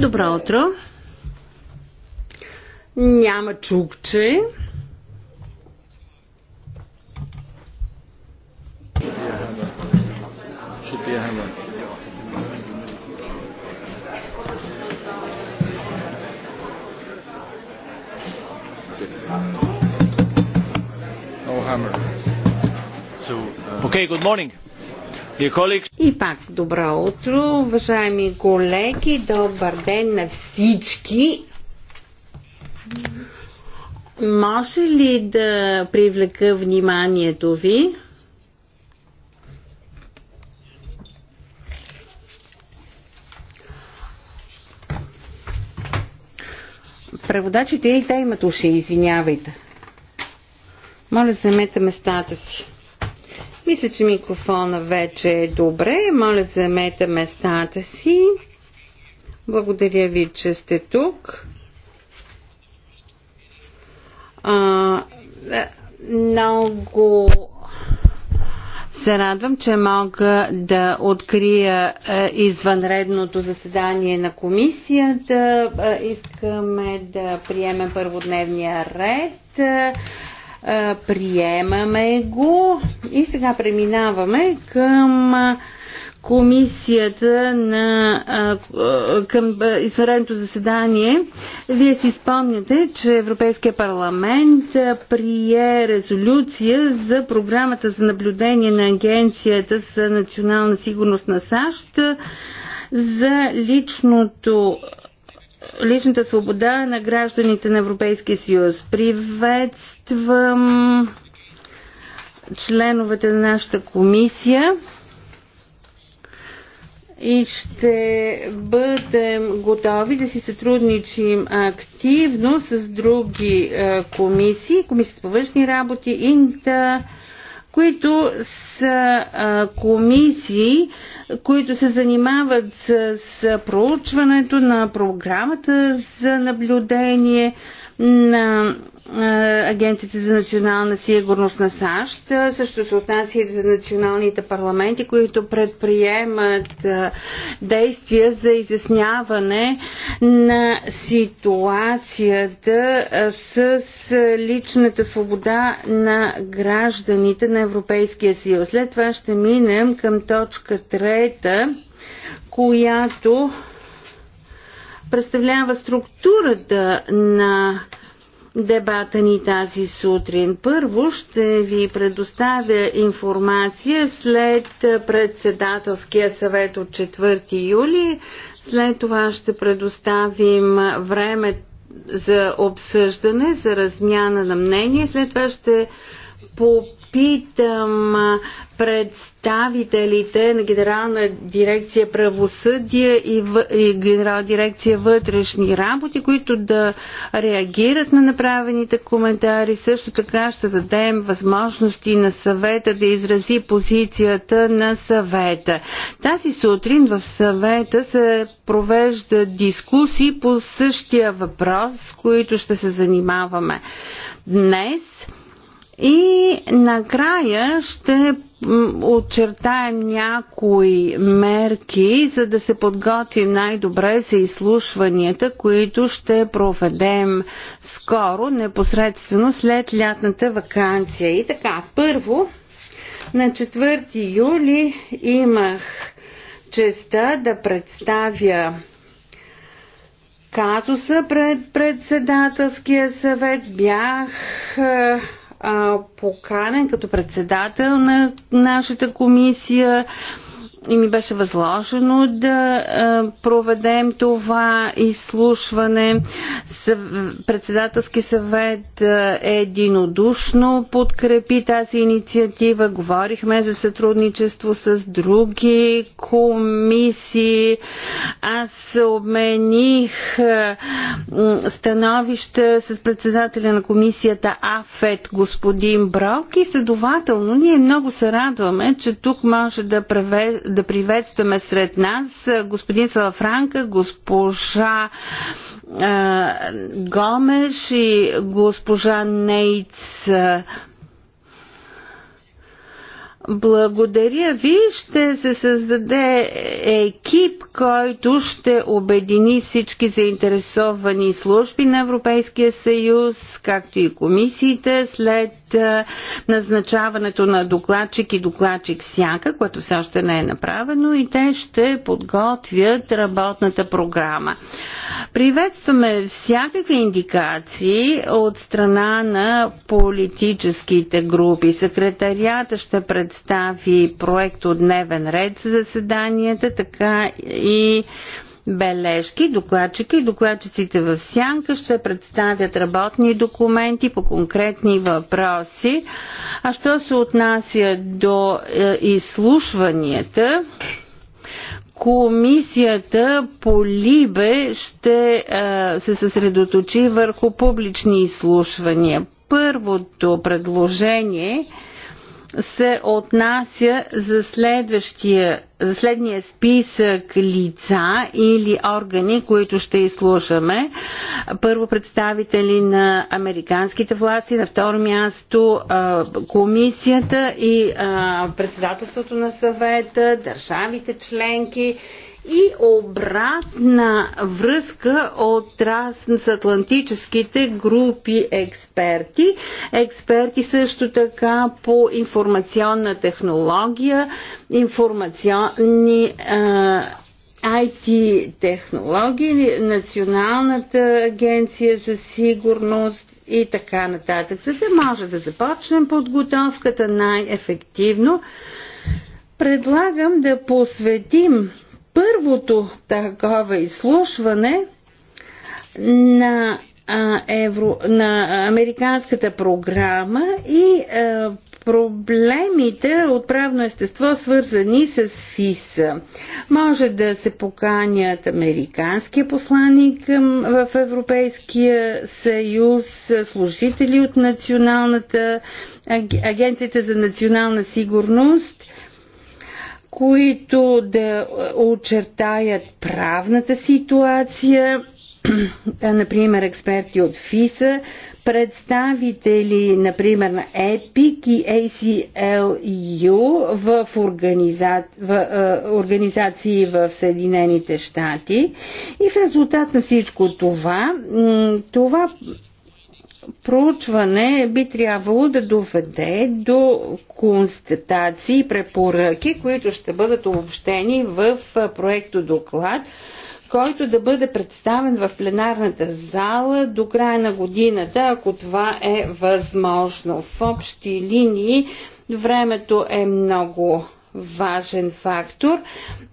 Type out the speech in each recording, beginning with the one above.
Добро утро. Няма чукче. Should be a hammer. Okay, good morning. И пак добро утро, уважаеми колеги, добър ден на всички. Може ли да привлека вниманието ви? Преводачите и те имат уши, извинявайте. Моля, замете местата си. Мисля, че микрофона вече е добре. Моля, замете местата си. Благодаря ви, че сте тук. А, е, много се радвам, че мога да открия е, извънредното заседание на комисията. Е, искаме да приемем първодневния ред приемаме го. И сега преминаваме към комисията на, към извънредното заседание. Вие си спомняте, че Европейския парламент прие резолюция за програмата за наблюдение на Агенцията за национална сигурност на САЩ за личното личната свобода на гражданите на Европейския съюз. Приветствам членовете на нашата комисия и ще бъдем готови да си сътрудничим активно с други е, комисии, комисията по външни работи, Инта, които са а, комисии, които се занимават с, с проучването на програмата за наблюдение, на Агенцията за национална сигурност на САЩ. Също се отнася и за националните парламенти, които предприемат действия за изясняване на ситуацията с личната свобода на гражданите на Европейския съюз. След това ще минем към точка трета, която представлява структурата на дебата ни тази сутрин. Първо ще ви предоставя информация след председателския съвет от 4 юли. След това ще предоставим време за обсъждане, за размяна на мнение. След това ще попитам представителите на Генерална дирекция правосъдие и, в... и Генерална дирекция вътрешни работи, които да реагират на направените коментари. Също така ще дадем възможности на съвета да изрази позицията на съвета. Тази сутрин в съвета се провежда дискусии по същия въпрос, с които ще се занимаваме днес. И накрая ще очертаем някои мерки, за да се подготвим най-добре за изслушванията, които ще проведем скоро, непосредствено след лятната вакансия. И така, първо, на 4 юли имах честа да представя казуса пред председателския съвет. Бях е, поканен като председател на нашата комисия и ми беше възложено да е, проведем това изслушване. Председателски съвет е, единодушно подкрепи тази инициатива. Говорихме за сътрудничество с други комисии. Аз обмених е, становища с председателя на комисията АФЕТ господин Брок и следователно ние много се радваме, че тук може да превеждаме да приветстваме сред нас господин Салафранка, госпожа Гомеш и госпожа Нейц. Благодаря ви. Ще се създаде екип, който ще обедини всички заинтересовани служби на Европейския съюз, както и комисиите. След назначаването на докладчик и докладчик всяка, което все още не е направено и те ще подготвят работната програма. Приветстваме всякакви индикации от страна на политическите групи. Секретарията ще представи проект от дневен ред за заседанията, така и бележки. Докладчика и докладчиците в сянка ще представят работни документи по конкретни въпроси. А що се отнася до е, изслушванията, Комисията по Либе ще е, се съсредоточи върху публични изслушвания. Първото предложение е се отнася за, следващия, за следния списък лица или органи, които ще изслушаме. Първо представители на американските власти, на второ място комисията и председателството на съвета, държавите членки и обратна връзка от трансатлантическите групи експерти. Експерти също така по информационна технология, информационни а, IT технологии, Националната агенция за сигурност и така нататък, за да може да започнем подготовката най-ефективно. Предлагам да посветим първото такова изслушване на, евро, на американската програма и проблемите от правно естество, свързани с ФИС. Може да се поканят американския посланник в Европейския съюз, служители от Националната агенцията за национална сигурност които да очертаят правната ситуация, например експерти от ФИСА, представители, например, на EPIC и ACLU в, организа... в организации в Съединените щати. И в резултат на всичко това, това проучване би трябвало да доведе до констатации и препоръки, които ще бъдат обобщени в проекто доклад, който да бъде представен в пленарната зала до края на годината, ако това е възможно. В общи линии времето е много важен фактор.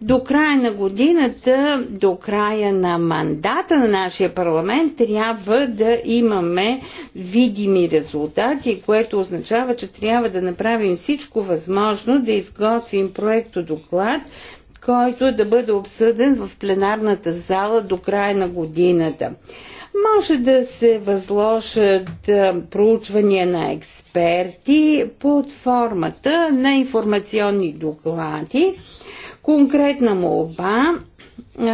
До края на годината, до края на мандата на нашия парламент трябва да имаме видими резултати, което означава, че трябва да направим всичко възможно да изготвим проекто доклад, който да бъде обсъден в пленарната зала до края на годината. Може да се възложат проучвания на експерти под формата на информационни доклади. Конкретна молба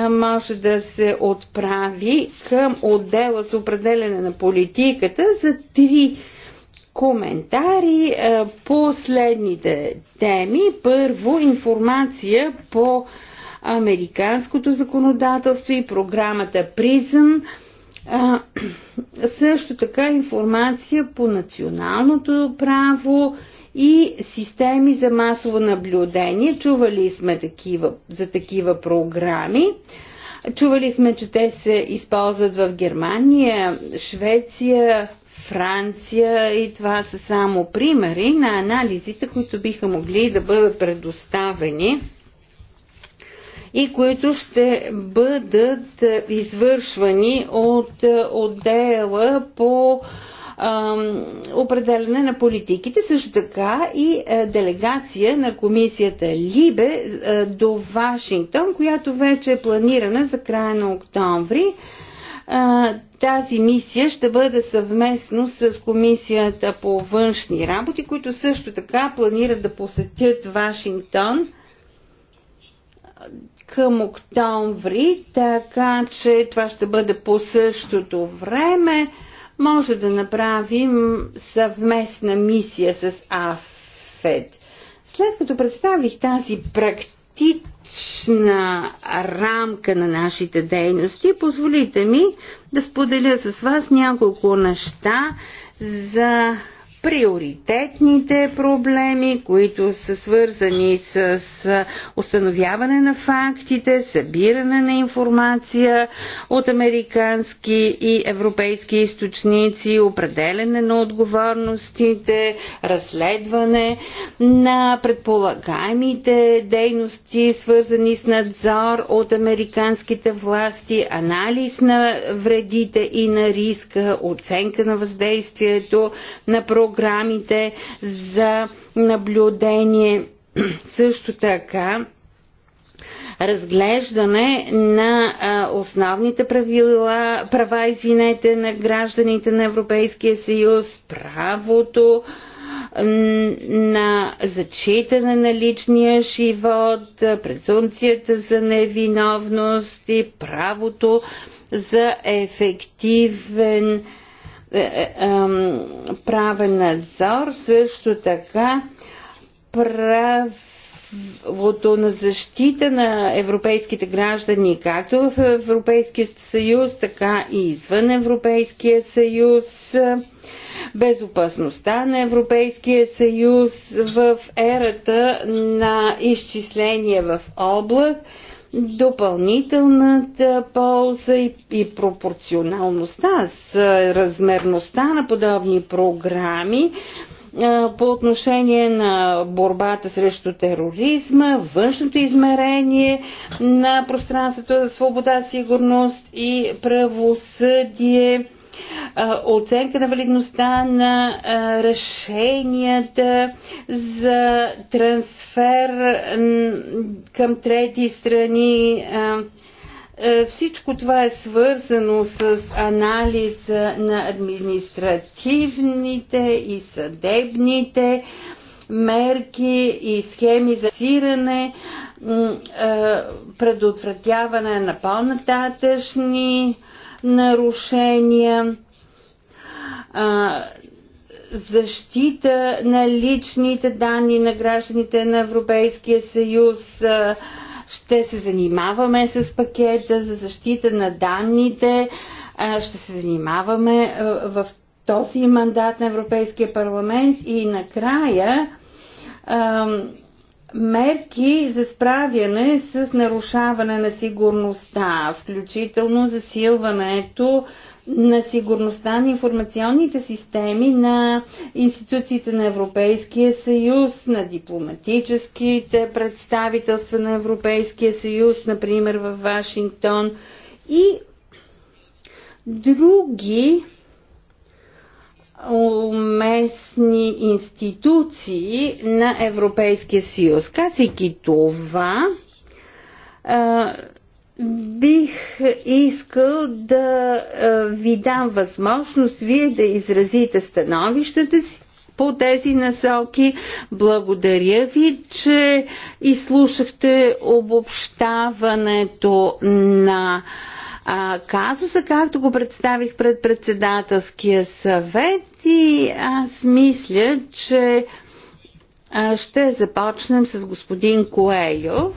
може да се отправи към отдела за определене на политиката за три коментари по следните теми. Първо, информация по американското законодателство и програмата Призъм а, също така информация по националното право и системи за масово наблюдение. Чували сме такива, за такива програми. Чували сме, че те се използват в Германия, Швеция, Франция и това са само примери на анализите, които биха могли да бъдат предоставени и които ще бъдат е, извършвани от е, отдела по определене на политиките, също така и е, делегация на комисията Либе до Вашингтон, която вече е планирана за края на октомври. Тази мисия ще бъде съвместно с комисията по външни работи, които също така планират да посетят Вашингтон към октомври, така че това ще бъде по същото време. Може да направим съвместна мисия с АФЕД. След като представих тази практична рамка на нашите дейности, позволите ми да споделя с вас няколко неща за приоритетните проблеми, които са свързани с установяване на фактите, събиране на информация от американски и европейски източници, определене на отговорностите, разследване на предполагаемите дейности, свързани с надзор от американските власти, анализ на вредите и на риска, оценка на въздействието на програмата, програмите за наблюдение. Също така разглеждане на основните правила, права извинете, на гражданите на Европейския съюз, правото на зачитане на личния живот, презумцията за невиновност и правото за ефективен е, е, правен надзор, също така правото на защита на европейските граждани, както в Европейския съюз, така и извън Европейския съюз, безопасността на Европейския съюз в ерата на изчисление в облак допълнителната полза и, и пропорционалността с размерността на подобни програми по отношение на борбата срещу тероризма, външното измерение на пространството за свобода, сигурност и правосъдие оценка на валидността на решенията за трансфер към трети страни. Всичко това е свързано с анализа на административните и съдебните мерки и схеми за сиране, предотвратяване на по-нататъчни нарушения а, защита на личните данни на гражданите на Европейския съюз. А, ще се занимаваме с пакета за защита на данните. А, ще се занимаваме а, в този мандат на Европейския парламент и накрая а, мерки за справяне с нарушаване на сигурността, включително засилването на сигурността на информационните системи на институциите на Европейския съюз, на дипломатическите представителства на Европейския съюз, например в Вашингтон и други уместни институции на Европейския съюз. Казвайки това, бих искал да е, ви дам възможност вие да изразите становищата си по тези насоки. Благодаря ви, че изслушахте обобщаването на а, казуса, както го представих пред председателския съвет и аз мисля, че а, ще започнем с господин Коелю.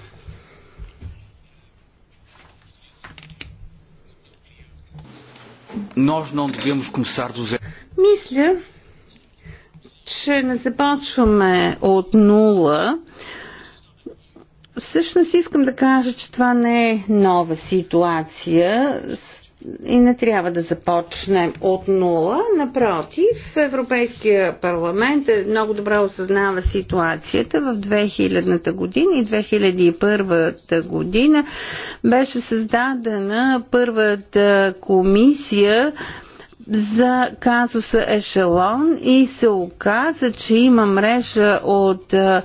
Nós não devemos começar do zero. Мисля, че не започваме от нула. Всъщност искам да кажа, че това не е нова ситуация и не трябва да започнем от нула. Напротив, Европейския парламент е много добре осъзнава ситуацията. В 2000-та година и 2001-та година беше създадена първата комисия за казуса Ешелон и се оказа, че има мрежа от е,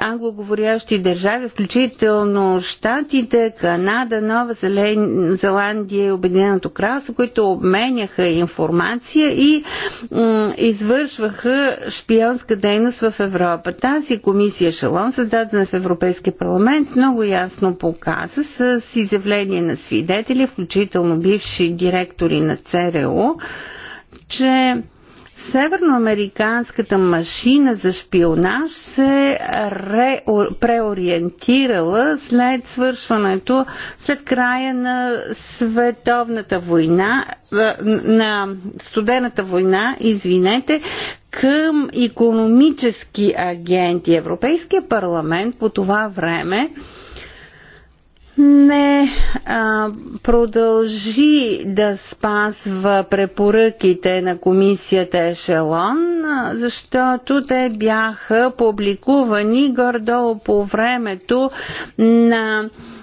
англоговорящи държави, включително Штатите, Канада, Нова Зеландия и Обединеното кралство, които обменяха информация и извършваха шпионска дейност в Европа. Тази комисия Ешелон, създадена в Европейския парламент, много ясно показа с изявление на свидетели, включително бивши директори на ЦРУ, че Северноамериканската машина за шпионаж се ре, преориентирала след свършването, след края на световната война, на студената война, извинете, към економически агенти. Европейския парламент по това време не а, продължи да спазва препоръките на комисията Ешелон, защото те бяха публикувани гордо по времето на а,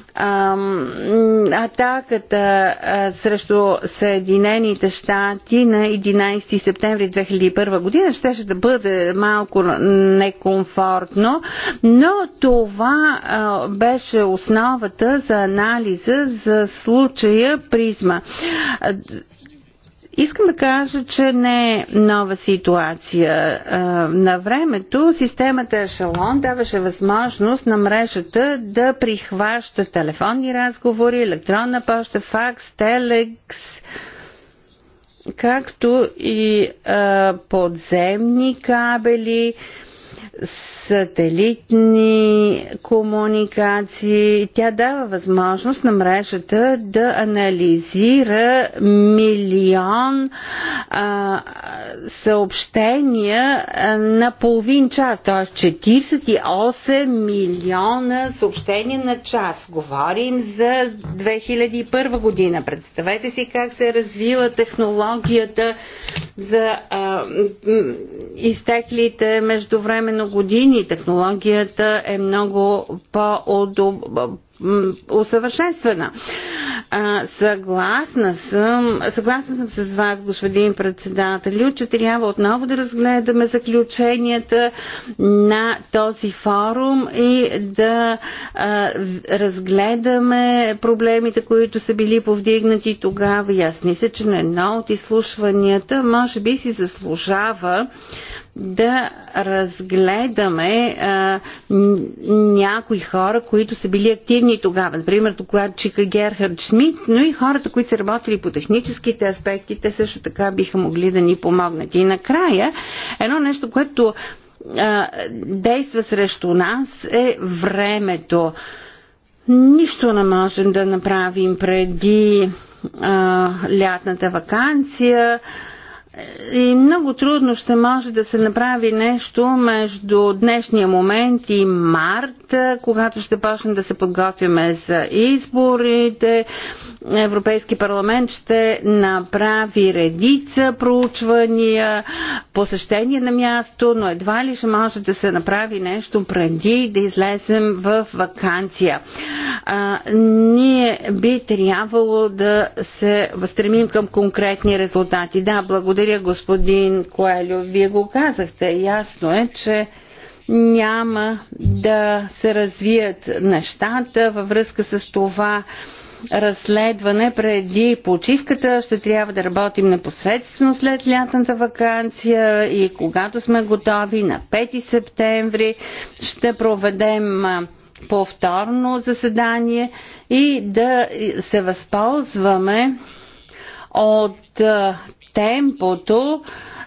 атаката срещу Съединените щати на 11 септември 2001 година щеше да бъде малко некомфортно, но това беше основата за анализа за случая призма. Искам да кажа, че не е нова ситуация. На времето системата Ешелон даваше възможност на мрежата да прихваща телефонни разговори, електронна почта, факс, телекс, както и подземни кабели, сателитни комуникации. Тя дава възможност на мрежата да анализира милион а, съобщения на половин час, т.е. 48 милиона съобщения на час. Говорим за 2001 година. Представете си как се е развила технологията за а, изтеклите междувременно години технологията е много по-удобна усъвършенствана. А, съгласна съм, съгласна съм с вас, господин председател, че трябва отново да разгледаме заключенията на този форум и да а, разгледаме проблемите, които са били повдигнати тогава. И аз мисля, че на едно от изслушванията може би си заслужава да разгледаме а, някои хора, които са били активни тогава. Например, докладчика Герхард Шмидт, но и хората, които са работили по техническите аспекти, те също така биха могли да ни помогнат. И накрая, едно нещо, което а, действа срещу нас е времето. Нищо не можем да направим преди а, лятната вакансия. И много трудно ще може да се направи нещо между днешния момент и март, когато ще почнем да се подготвяме за изборите. Европейски парламент ще направи редица проучвания, посещение на място, но едва ли ще може да се направи нещо преди да излезем в вакансия. А, ние би трябвало да се стремим към конкретни резултати. Да, благодаря благодаря, господин Коелю. Вие го казахте. Ясно е, че няма да се развият нещата във връзка с това разследване преди почивката. Ще трябва да работим непосредствено след лятната вакансия и когато сме готови на 5 септември ще проведем повторно заседание и да се възползваме от темпото,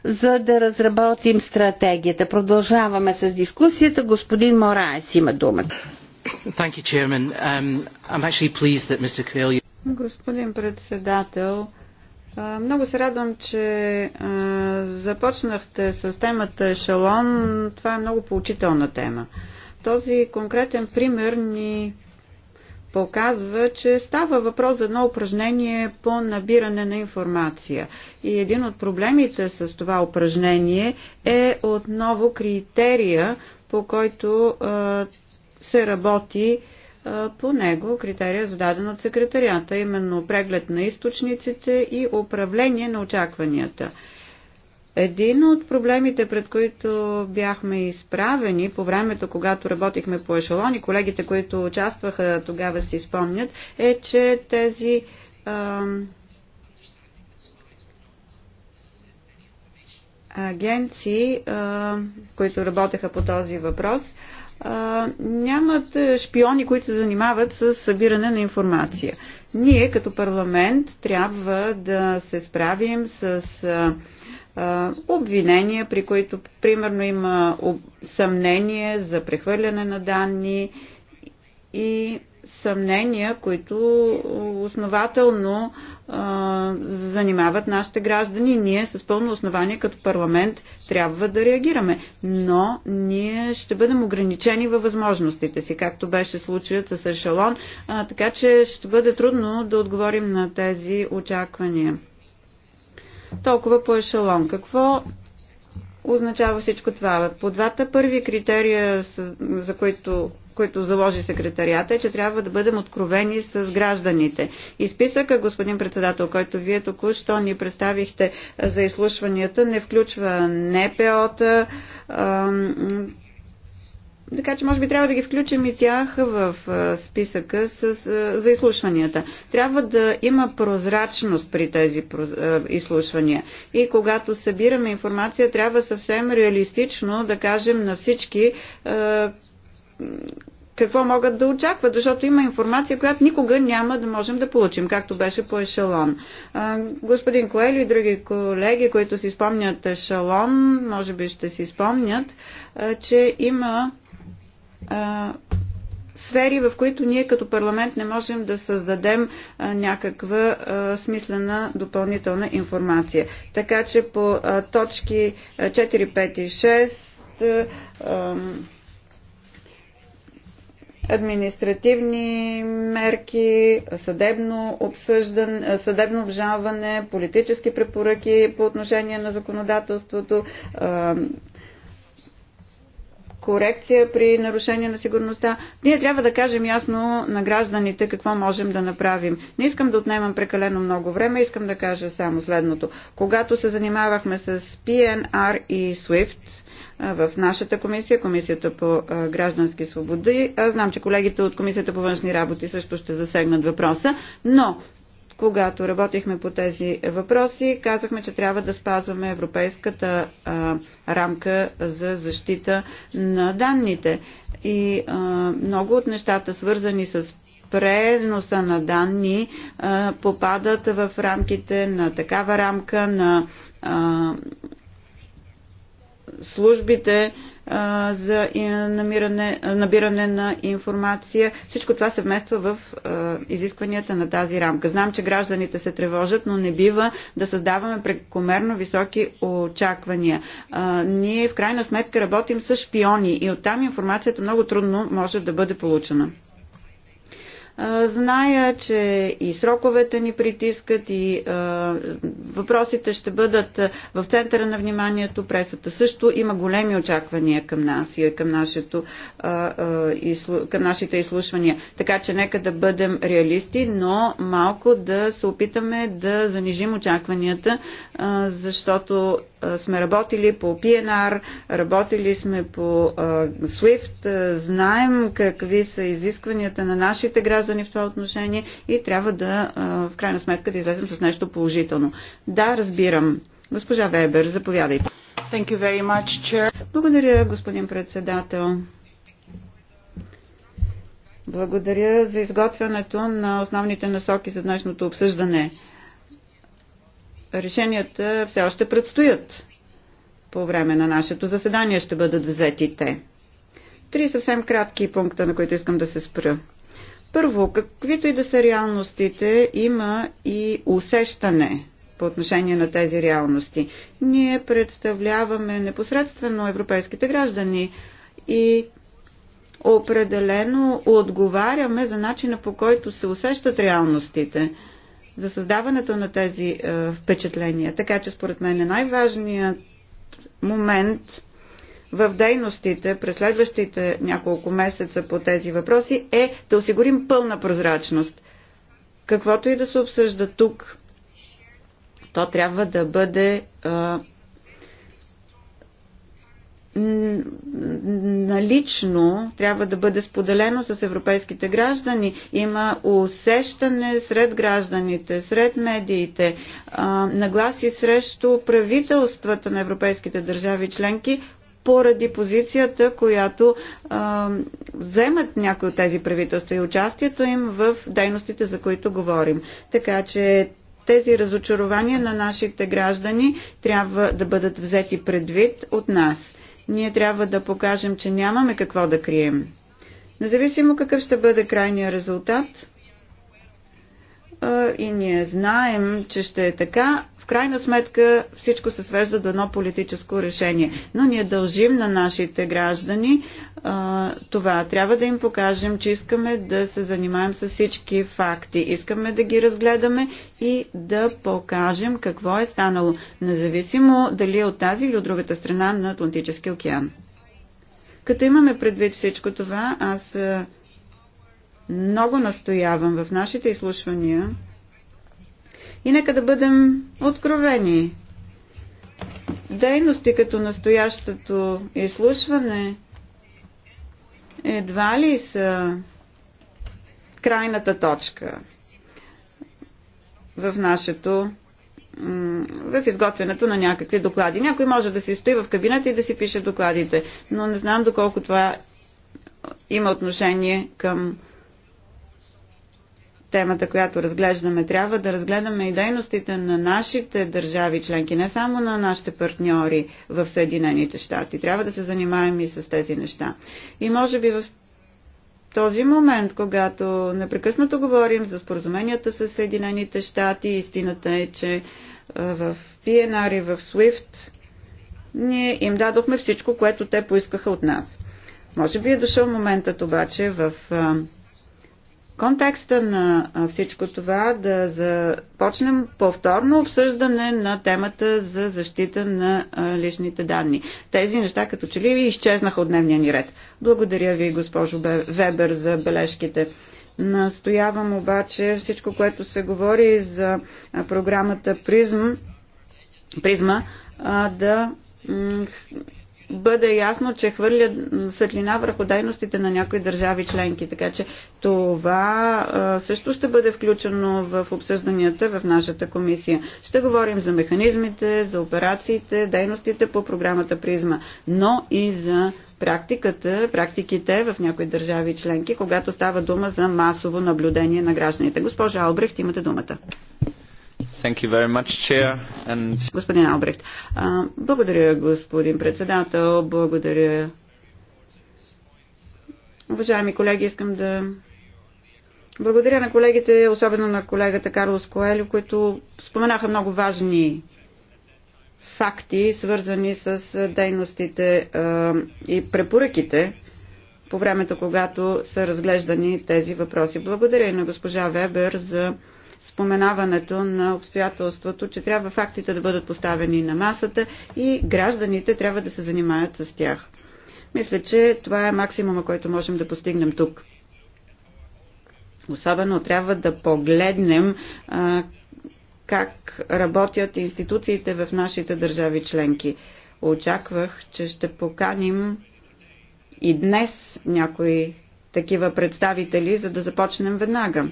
за да разработим стратегията. Продължаваме с дискусията. Господин Мораес има думата. Um, Господин председател, много се радвам, че започнахте с темата ешелон. Това е много поучителна тема. Този конкретен пример ни показва, че става въпрос за едно упражнение по набиране на информация. И един от проблемите с това упражнение е отново критерия, по който а, се работи а, по него, критерия зададен от секретарията, именно преглед на източниците и управление на очакванията. Един от проблемите, пред които бяхме изправени по времето, когато работихме по ешелони, колегите, които участваха тогава си спомнят, е, че тези а, агенции, а, които работеха по този въпрос, а, нямат шпиони, които се занимават с събиране на информация. Ние като парламент трябва да се справим с а, обвинения, при които примерно има съмнение за прехвърляне на данни и съмнения, които основателно а, занимават нашите граждани. Ние с пълно основание като парламент трябва да реагираме, но ние ще бъдем ограничени във възможностите си, както беше случаят с Ешелон, а, така че ще бъде трудно да отговорим на тези очаквания толкова по ешелон. Какво означава всичко това? По двата първи критерия, за които, които заложи секретарията, е, че трябва да бъдем откровени с гражданите. И списъка, господин председател, който вие току-що ни представихте за изслушванията, не включва НПО-та, така че може би трябва да ги включим и тях в списъка с, за изслушванията. Трябва да има прозрачност при тези изслушвания. И когато събираме информация, трябва съвсем реалистично да кажем на всички какво могат да очакват, защото има информация, която никога няма да можем да получим, както беше по ешалон. Господин Коелю и други колеги, които си спомнят ешалон, може би ще си спомнят, че има сфери, в които ние като парламент не можем да създадем а, някаква а, смислена допълнителна информация. Така че по а, точки 4, 5 и 6 а, административни мерки, съдебно, обсъждан, съдебно обжалване, политически препоръки по отношение на законодателството, корекция при нарушение на сигурността. Ние трябва да кажем ясно на гражданите какво можем да направим. Не искам да отнемам прекалено много време, искам да кажа само следното. Когато се занимавахме с PNR и SWIFT, в нашата комисия, Комисията по граждански свободи. Аз знам, че колегите от Комисията по външни работи също ще засегнат въпроса, но когато работихме по тези въпроси, казахме, че трябва да спазваме европейската а, рамка за защита на данните. И а, много от нещата, свързани с преноса на данни, а, попадат в рамките на такава рамка на а, службите, а, за намиране, набиране на информация. Всичко това се вмества в изискванията на тази рамка. Знам, че гражданите се тревожат, но не бива да създаваме прекомерно високи очаквания. Ние в крайна сметка работим с шпиони и оттам информацията много трудно може да бъде получена. Зная, че и сроковете ни притискат и въпросите ще бъдат в центъра на вниманието. Пресата също има големи очаквания към нас и към, нашето, към нашите изслушвания. Така че нека да бъдем реалисти, но малко да се опитаме да занижим очакванията, защото сме работили по PNR, работили сме по SWIFT, знаем какви са изискванията на нашите граждани в това отношение и трябва да, в крайна сметка, да излезем с нещо положително. Да, разбирам. Госпожа Вебер, заповядайте. Thank you very much, chair. Благодаря, господин председател. Благодаря за изготвянето на основните насоки за днешното обсъждане решенията все още предстоят. По време на нашето заседание ще бъдат взети те. Три съвсем кратки пункта, на които искам да се спра. Първо, каквито и да са реалностите, има и усещане по отношение на тези реалности. Ние представляваме непосредствено европейските граждани и определено отговаряме за начина по който се усещат реалностите за създаването на тези е, впечатления. Така че според мен е най-важният момент в дейностите през следващите няколко месеца по тези въпроси е да осигурим пълна прозрачност. Каквото и да се обсъжда тук, то трябва да бъде а, е, налично трябва да бъде споделено с европейските граждани. Има усещане сред гражданите, сред медиите, нагласи срещу правителствата на европейските държави членки поради позицията, която вземат някои от тези правителства и участието им в дейностите, за които говорим. Така че тези разочарования на нашите граждани трябва да бъдат взети предвид от нас ние трябва да покажем, че нямаме какво да крием. Независимо какъв ще бъде крайния резултат, и ние знаем, че ще е така, крайна сметка всичко се свежда до едно политическо решение. Но ние дължим на нашите граждани а, това. Трябва да им покажем, че искаме да се занимаем с всички факти. Искаме да ги разгледаме и да покажем какво е станало, независимо дали е от тази или от другата страна на Атлантическия океан. Като имаме предвид всичко това, аз много настоявам в нашите изслушвания и нека да бъдем откровени. Дейности като настоящото изслушване едва ли са крайната точка в нашето в изготвянето на някакви доклади. Някой може да се стои в кабинета и да си пише докладите, но не знам доколко това има отношение към темата, която разглеждаме, трябва да разгледаме и дейностите на нашите държави членки, не само на нашите партньори в Съединените щати. Трябва да се занимаем и с тези неща. И може би в този момент, когато непрекъснато говорим за споразуменията с Съединените щати, истината е, че в PNR и в SWIFT ние им дадохме всичко, което те поискаха от нас. Може би е дошъл моментът обаче в контекста на всичко това да започнем повторно обсъждане на темата за защита на личните данни. Тези неща като че ли ви изчезнаха от дневния ни ред. Благодаря ви, госпожо Вебер, за бележките. Настоявам обаче всичко, което се говори за програмата Призм, Призма, да бъде ясно, че хвърля светлина върху дейностите на някои държави членки. Така че това също ще бъде включено в обсъжданията в нашата комисия. Ще говорим за механизмите, за операциите, дейностите по програмата Призма, но и за практиката, практиките в някои държави членки, когато става дума за масово наблюдение на гражданите. Госпожа Албрехт, имате думата. Much, And... Господин Албрехт, благодаря, господин председател, благодаря. Уважаеми колеги, искам да благодаря на колегите, особено на колегата Карлос Коелю, които споменаха много важни факти, свързани с дейностите и препоръките по времето, когато са разглеждани тези въпроси. Благодаря и на госпожа Вебер за споменаването на обстоятелството, че трябва фактите да бъдат поставени на масата и гражданите трябва да се занимаят с тях. Мисля, че това е максимума, който можем да постигнем тук. Особено трябва да погледнем а, как работят институциите в нашите държави членки. Очаквах, че ще поканим и днес някои такива представители, за да започнем веднага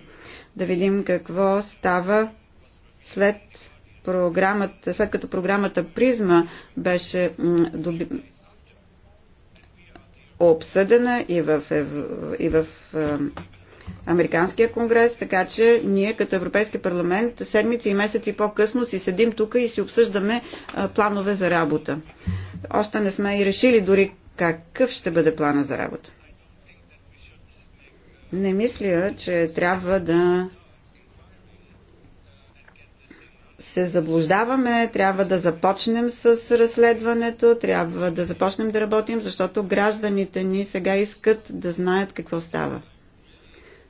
да видим какво става след програмата, след като програмата Призма беше доби... обсъдена и в, ев... и в Американския конгрес, така че ние като Европейски парламент седмици и месеци по-късно си седим тук и си обсъждаме а, планове за работа. Още не сме и решили дори какъв ще бъде плана за работа. Не мисля, че трябва да се заблуждаваме, трябва да започнем с разследването, трябва да започнем да работим, защото гражданите ни сега искат да знаят какво става.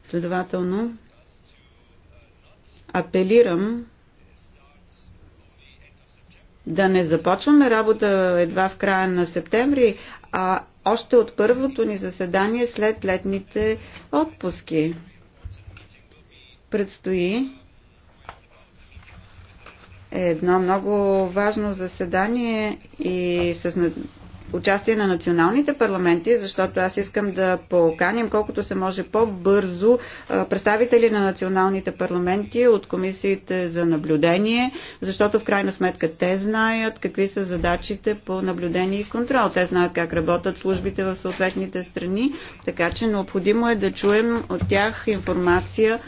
Следователно, апелирам да не започваме работа едва в края на септември, а още от първото ни заседание след летните отпуски. Предстои едно много важно заседание и с участие на националните парламенти, защото аз искам да поканим колкото се може по-бързо представители на националните парламенти от комисиите за наблюдение, защото в крайна сметка те знаят какви са задачите по наблюдение и контрол. Те знаят как работят службите в съответните страни, така че необходимо е да чуем от тях информация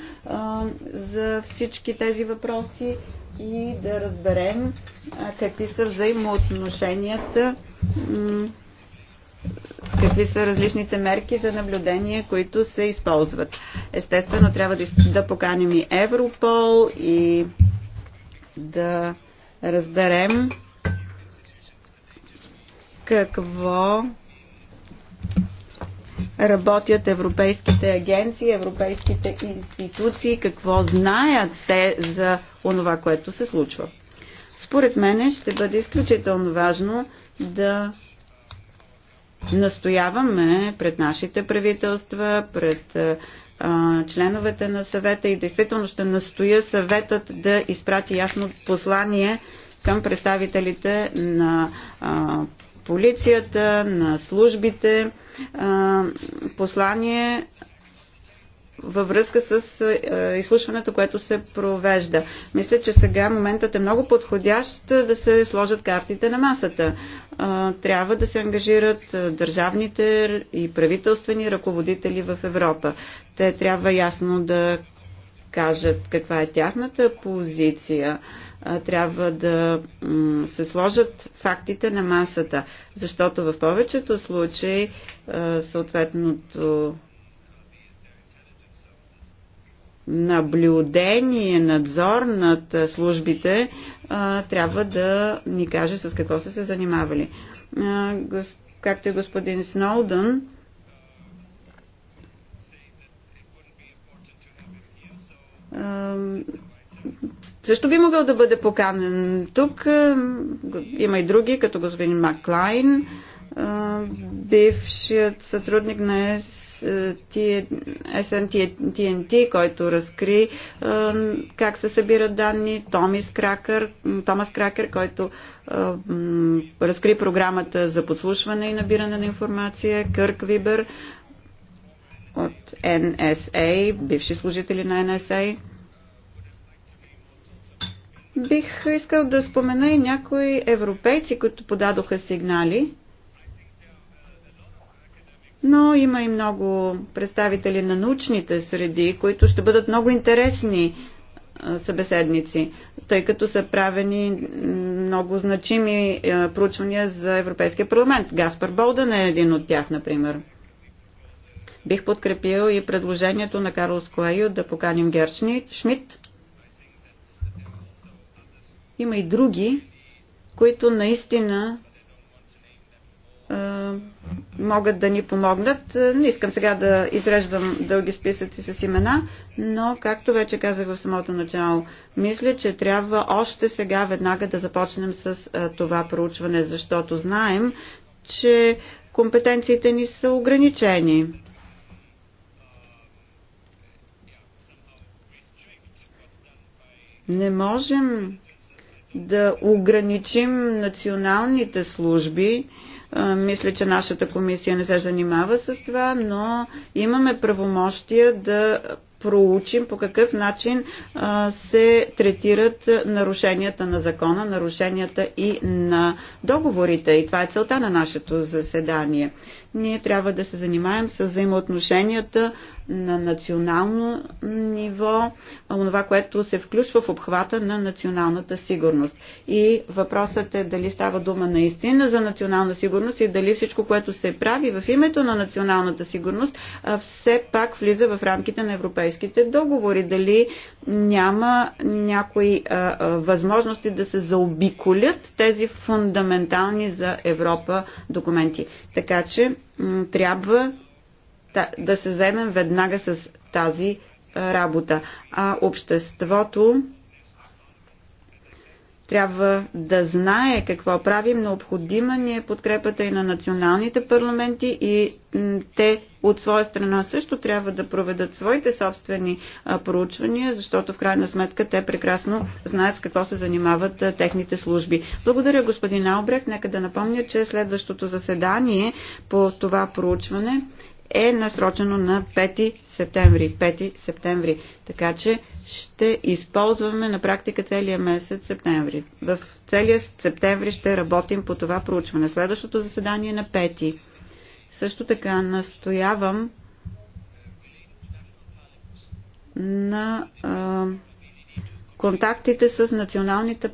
за всички тези въпроси и да разберем какви са взаимоотношенията, какви са различните мерки за наблюдение, които се използват. Естествено, трябва да, да поканим и Европол и да разберем какво работят европейските агенции, европейските институции, какво знаят те за онова, което се случва. Според мене ще бъде изключително важно да настояваме пред нашите правителства, пред а, членовете на съвета и действително ще настоя съветът да изпрати ясно послание към представителите на а, полицията, на службите послание във връзка с изслушването, което се провежда. Мисля, че сега моментът е много подходящ да се сложат картите на масата. Трябва да се ангажират държавните и правителствени ръководители в Европа. Те трябва ясно да кажат каква е тяхната позиция трябва да се сложат фактите на масата, защото в повечето случаи съответното наблюдение, надзор над службите трябва да ни каже с какво са се занимавали. Както и господин Сноудън, също би могъл да бъде поканен тук. Е, има и други, като господин Маклайн, е, бившият сътрудник на SNTNT, който разкри е, как се събират данни, Томис Кракър, Томас Кракър, който разкри програмата за подслушване и набиране на информация, Кърк Вибер от NSA, бивши служители на NSA Бих искал да спомена и някои европейци, които подадоха сигнали. Но има и много представители на научните среди, които ще бъдат много интересни събеседници, тъй като са правени много значими проучвания за Европейския парламент. Гаспар Болдън е един от тях, например. Бих подкрепил и предложението на Карлос Коайо да поканим Гершни Шмидт, има и други, които наистина могат да ни помогнат. Не искам сега да изреждам дълги списъци с имена, но, както вече казах в самото начало, мисля, че трябва още сега веднага да започнем с това проучване, защото знаем, че компетенциите ни са ограничени. Не можем да ограничим националните служби. Мисля, че нашата комисия не се занимава с това, но имаме правомощия да проучим по какъв начин се третират нарушенията на закона, нарушенията и на договорите. И това е целта на нашето заседание. Ние трябва да се занимаем с взаимоотношенията на национално ниво, това, което се включва в обхвата на националната сигурност. И въпросът е дали става дума наистина за национална сигурност и дали всичко, което се прави в името на националната сигурност, все пак влиза в рамките на европейските договори. Дали няма някои възможности да се заобиколят тези фундаментални за Европа документи. Така че трябва да се заемем веднага с тази е, работа. А обществото трябва да знае какво правим. Необходима ни е подкрепата и на националните парламенти и те от своя страна също трябва да проведат своите собствени проучвания, защото в крайна сметка те прекрасно знаят с какво се занимават техните служби. Благодаря господин Албрек. Нека да напомня, че следващото заседание по това проучване е насрочено на 5 септември. 5 септември. Така че ще използваме на практика целия месец септември. В целия септември ще работим по това проучване. Следващото заседание е на 5. Също така настоявам на а, контактите с националните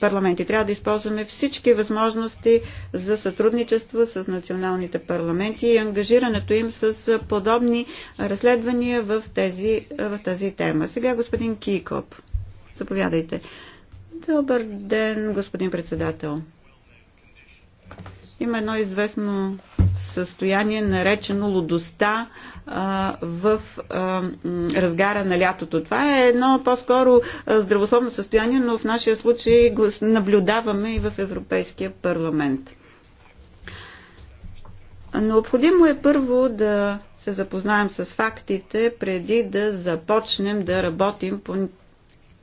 парламенти. Трябва да използваме всички възможности за сътрудничество с националните парламенти и ангажирането им с подобни разследвания в, тези, в тази тема. Сега господин Кикоп. Заповядайте. Добър ден, господин председател. Има едно известно състояние наречено лудостта в разгара на лятото. Това е едно по-скоро здравословно състояние, но в нашия случай го наблюдаваме и в Европейския парламент. Необходимо е първо да се запознаем с фактите, преди да започнем да работим по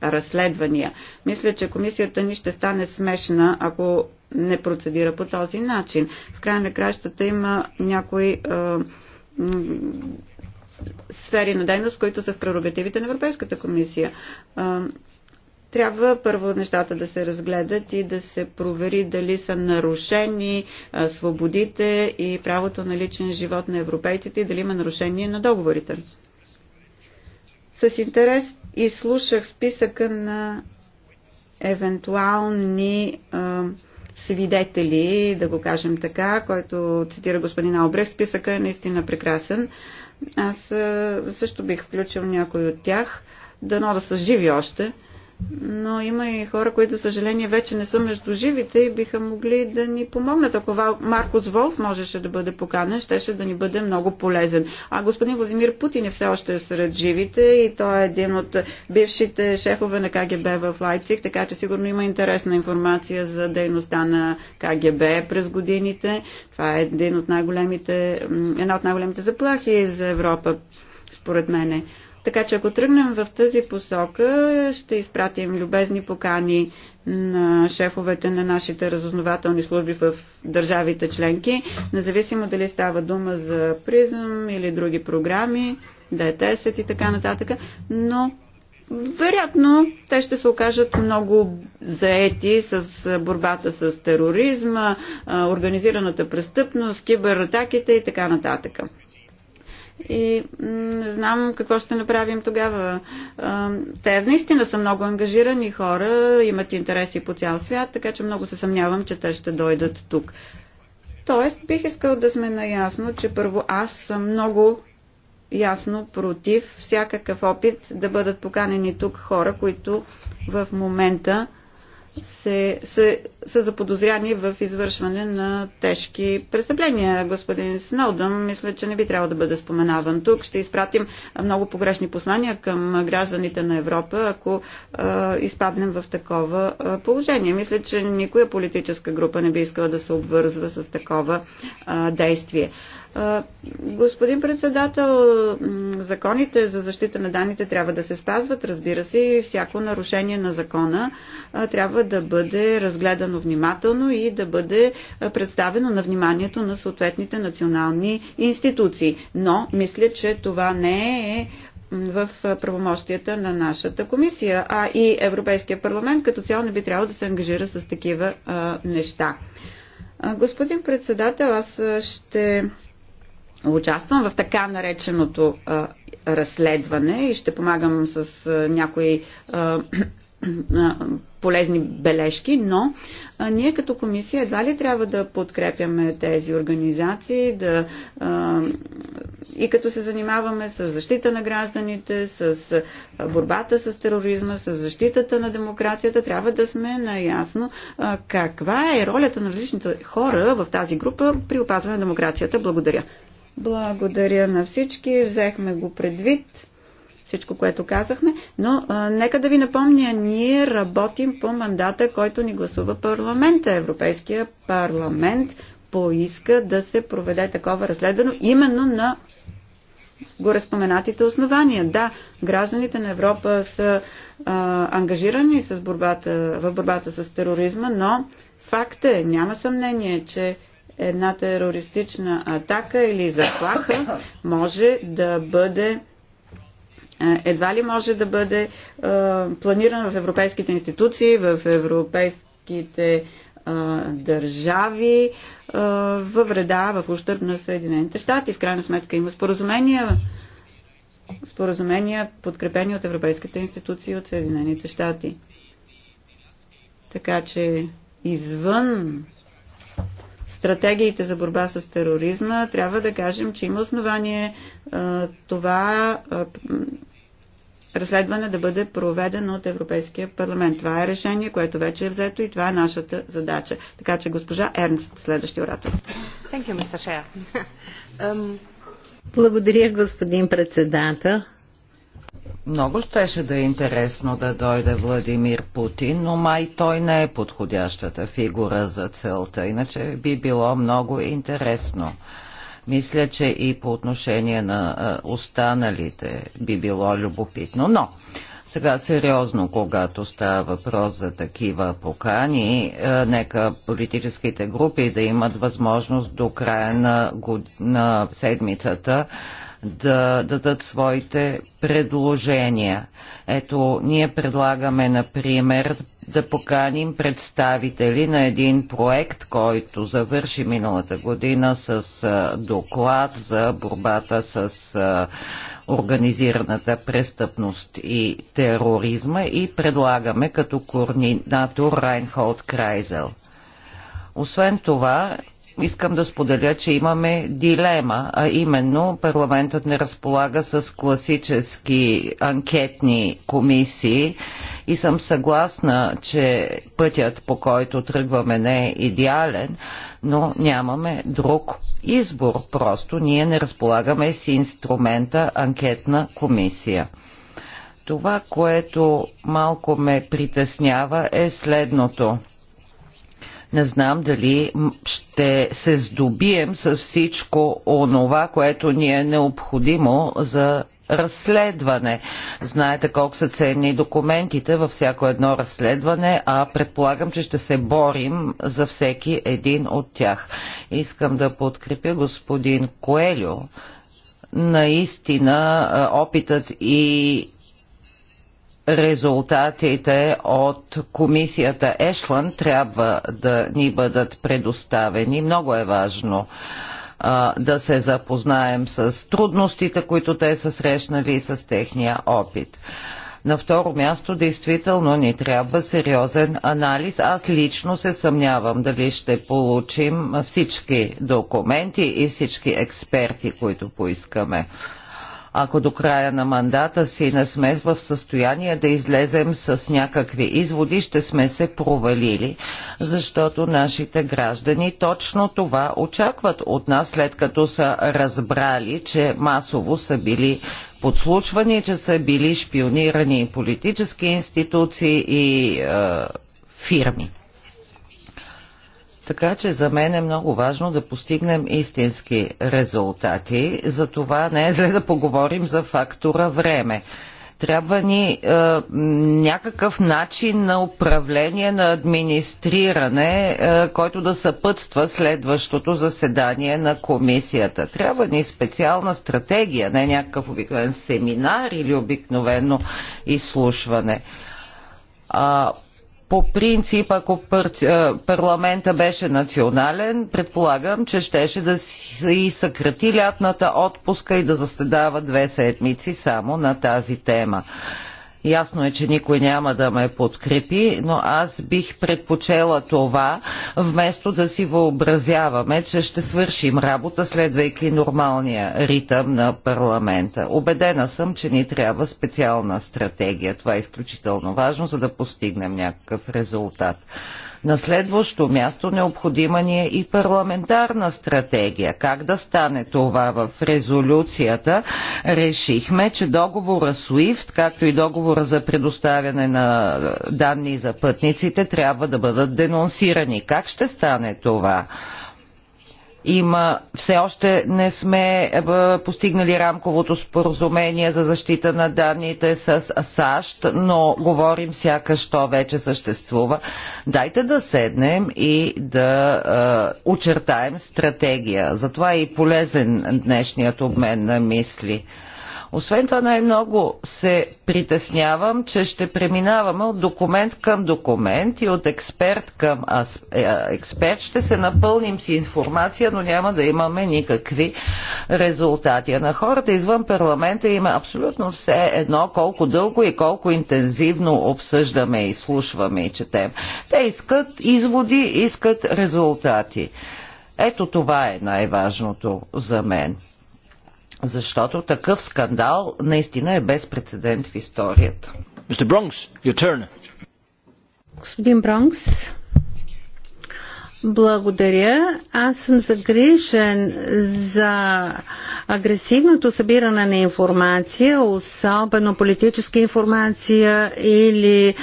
разследвания. Мисля, че комисията ни ще стане смешна, ако не процедира по този начин. В края на кращата има някои сфери на дейност, които са в прерогативите на Европейската комисия. трябва първо нещата да се разгледат и да се провери дали са нарушени свободите и правото на личен живот на европейците и дали има нарушение на договорите. С интерес изслушах списъка на евентуални свидетели, да го кажем така, който цитира господин Албрех. Списъка е наистина прекрасен. Аз също бих включил някой от тях. Дано да са живи още но има и хора, които, за съжаление, вече не са между живите и биха могли да ни помогнат. Ако Маркос Волф можеше да бъде поканен, щеше да ни бъде много полезен. А господин Владимир Путин е все още сред живите и той е един от бившите шефове на КГБ в Лайпциг, така че сигурно има интересна информация за дейността на КГБ през годините. Това е един от най-големите, една от най-големите заплахи за Европа, според мене. Така че ако тръгнем в тази посока, ще изпратим любезни покани на шефовете на нашите разузнавателни служби в държавите членки, независимо дали става дума за призъм или други програми, ДТС и така нататък, но вероятно те ще се окажат много заети с борбата с тероризма, организираната престъпност, кибератаките и така нататък. И не знам какво ще направим тогава. Те наистина са много ангажирани хора, имат интереси по цял свят, така че много се съмнявам, че те ще дойдат тук. Тоест, бих искал да сме наясно, че първо аз съм много ясно против всякакъв опит да бъдат поканени тук хора, които в момента се, се, са заподозряни в извършване на тежки престъпления. Господин Сноудън, мисля, че не би трябвало да бъде споменаван тук. Ще изпратим много погрешни послания към гражданите на Европа, ако а, изпаднем в такова а, положение. Мисля, че никоя политическа група не би искала да се обвързва с такова а, действие. Господин председател, законите за защита на данните трябва да се спазват, разбира се, и всяко нарушение на закона трябва да бъде разгледано внимателно и да бъде представено на вниманието на съответните национални институции. Но мисля, че това не е, е в правомощията на нашата комисия, а и Европейския парламент като цяло не би трябвало да се ангажира с такива неща. Господин председател, аз ще участвам в така нареченото а, разследване и ще помагам с а, някои а, а, полезни бележки, но а, ние като комисия едва ли трябва да подкрепяме тези организации да, а, и като се занимаваме с защита на гражданите, с а, борбата с тероризма, с защитата на демокрацията, трябва да сме наясно а, каква е ролята на различните хора в тази група при опазване на демокрацията. Благодаря. Благодаря на всички, взехме го предвид, всичко, което казахме, но а, нека да ви напомня, ние работим по мандата, който ни гласува парламента. Европейския парламент поиска да се проведе такова разследване именно на гореспоменатите основания. Да, гражданите на Европа са а, ангажирани с борбата, в борбата с тероризма, но факт е, няма съмнение, че една терористична атака или заплаха може да бъде е, едва ли може да бъде е, планирана в европейските институции, в европейските е, държави във вреда, в ущърб на Съединените щати. В крайна сметка има споразумения, споразумения подкрепени от европейските институции от Съединените щати. Така че извън стратегиите за борба с тероризма, трябва да кажем, че има основание това разследване да бъде проведено от Европейския парламент. Това е решение, което вече е взето и това е нашата задача. Така че госпожа Ернст, следващия оратор. Um, Благодаря, господин председател. Много щеше да е интересно да дойде Владимир Путин, но май той не е подходящата фигура за целта, иначе би било много интересно. Мисля, че и по отношение на останалите би било любопитно, но сега сериозно, когато става въпрос за такива покани, нека политическите групи да имат възможност до края на, год... на седмицата да дадат своите предложения. Ето, ние предлагаме, например, да поканим представители на един проект, който завърши миналата година с доклад за борбата с организираната престъпност и тероризма и предлагаме като координатор Райнхолд Крайзел. Освен това, искам да споделя, че имаме дилема, а именно парламентът не разполага с класически анкетни комисии и съм съгласна, че пътят по който тръгваме не е идеален, но нямаме друг избор. Просто ние не разполагаме с инструмента анкетна комисия. Това, което малко ме притеснява е следното – не знам дали ще се здобием с всичко онова, което ни е необходимо за разследване. Знаете колко са ценни документите във всяко едно разследване, а предполагам, че ще се борим за всеки един от тях. Искам да подкрепя господин Коелю. Наистина е, опитът и резултатите от комисията Ешлан трябва да ни бъдат предоставени. Много е важно а, да се запознаем с трудностите, които те са срещнали и с техния опит. На второ място, действително ни трябва сериозен анализ. Аз лично се съмнявам дали ще получим всички документи и всички експерти, които поискаме ако до края на мандата си не сме в състояние да излезем с някакви изводи, ще сме се провалили, защото нашите граждани точно това очакват от нас, след като са разбрали, че масово са били подслучвани, че са били шпионирани политически институции и е, фирми. Така че за мен е много важно да постигнем истински резултати. За това не е зле да поговорим за фактора време трябва ни е, някакъв начин на управление, на администриране, е, който да съпътства следващото заседание на комисията. Трябва ни специална стратегия, не някакъв обикновен семинар или обикновено изслушване. А, по принцип, ако е, парламента беше национален, предполагам, че щеше да си съкрати лятната отпуска и да заседава две седмици само на тази тема. Ясно е, че никой няма да ме подкрепи, но аз бих предпочела това, вместо да си въобразяваме, че ще свършим работа, следвайки нормалния ритъм на парламента. Обедена съм, че ни трябва специална стратегия. Това е изключително важно, за да постигнем някакъв резултат. На следващо място необходима ни е и парламентарна стратегия. Как да стане това в резолюцията? Решихме, че договора SWIFT, както и договора за предоставяне на данни за пътниците, трябва да бъдат денонсирани. Как ще стане това? има, все още не сме е, постигнали рамковото споразумение за защита на данните с САЩ, но говорим сякаш то вече съществува. Дайте да седнем и да е, очертаем стратегия. Затова е и полезен днешният обмен на мисли. Освен това най-много се притеснявам, че ще преминаваме от документ към документ и от експерт към е, експерт. Ще се напълним с информация, но няма да имаме никакви резултати. А на хората извън парламента има е абсолютно все едно колко дълго и колко интензивно обсъждаме, и слушваме и четем. Те искат изводи, искат резултати. Ето това е най-важното за мен. Защото такъв скандал наистина е без прецедент в историята. Господин Бронкс, благодаря. Аз съм загрижен за агресивното събиране на информация, особено политическа информация или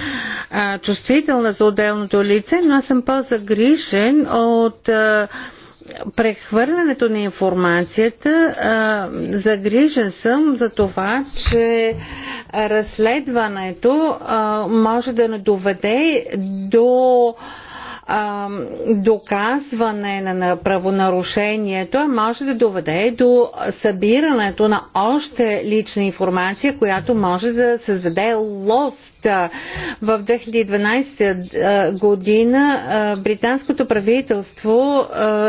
а, чувствителна за отделното лице, но аз съм по-загрижен от а, прехвърлянето на информацията, а, загрижен съм за това, че разследването а, може да не доведе до а, а, доказване на, на правонарушението, може да доведе до събирането на още лична информация, която може да създаде лост. В 2012 година британското правителство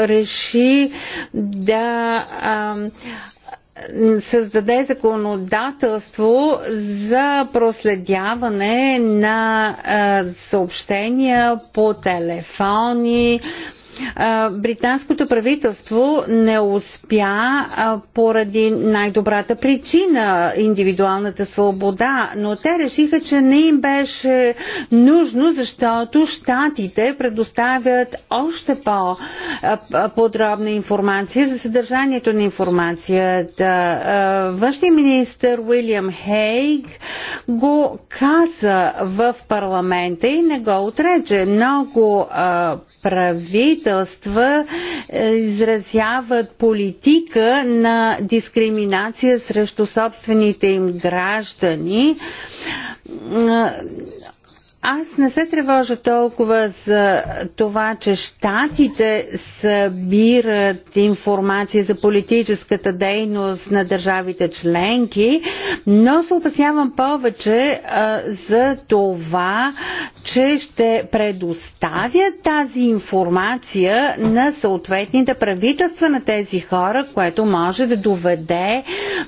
реши да създаде законодателство за проследяване на съобщения по телефони, британското правителство не успя поради най-добрата причина индивидуалната свобода, но те решиха, че не им беше нужно, защото щатите предоставят още по-подробна информация за съдържанието на информацията. Външният министр Уилям Хейг го каза в парламента и не го отрече. Много правителства е, изразяват политика на дискриминация срещу собствените им граждани аз не се тревожа толкова за това, че щатите събират информация за политическата дейност на държавите членки, но се опасявам повече а, за това, че ще предоставят тази информация на съответните правителства на тези хора, което може да доведе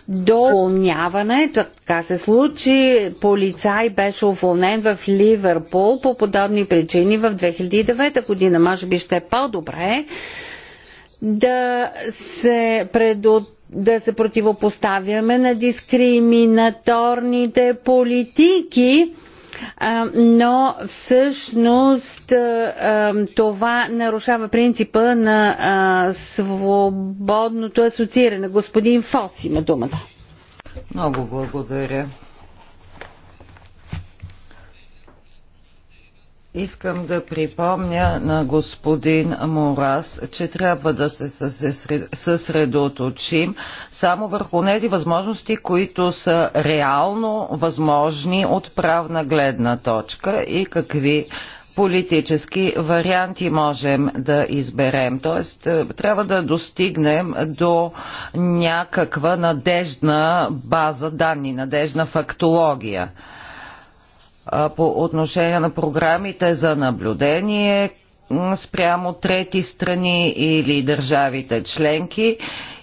до уволняване. Така се случи. Полицай беше уволнен в Лив Ливърпул по подобни причини в 2009 година. Може би ще е по-добре да се предот да се противопоставяме на дискриминаторните политики, но всъщност това нарушава принципа на свободното асоцииране. Господин Фос има думата. Много благодаря. Искам да припомня на господин Морас, че трябва да се съсредоточим само върху тези възможности, които са реално възможни от правна гледна точка и какви политически варианти можем да изберем. Тоест, е, трябва да достигнем до някаква надежна база данни, надежна фактология по отношение на програмите за наблюдение спрямо трети страни или държавите членки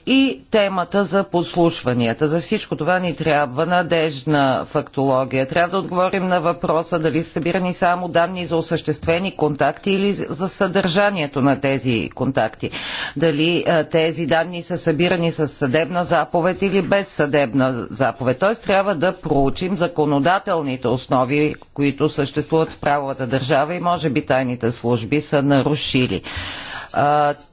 и темата за послушванията. За всичко това ни трябва надежна фактология. Трябва да отговорим на въпроса дали са събирани само данни за осъществени контакти или за съдържанието на тези контакти. Дали е, тези данни са събирани с съдебна заповед или без съдебна заповед. Т.е. трябва да проучим законодателните основи, които съществуват в правовата държава и може би тайните служби са нарушили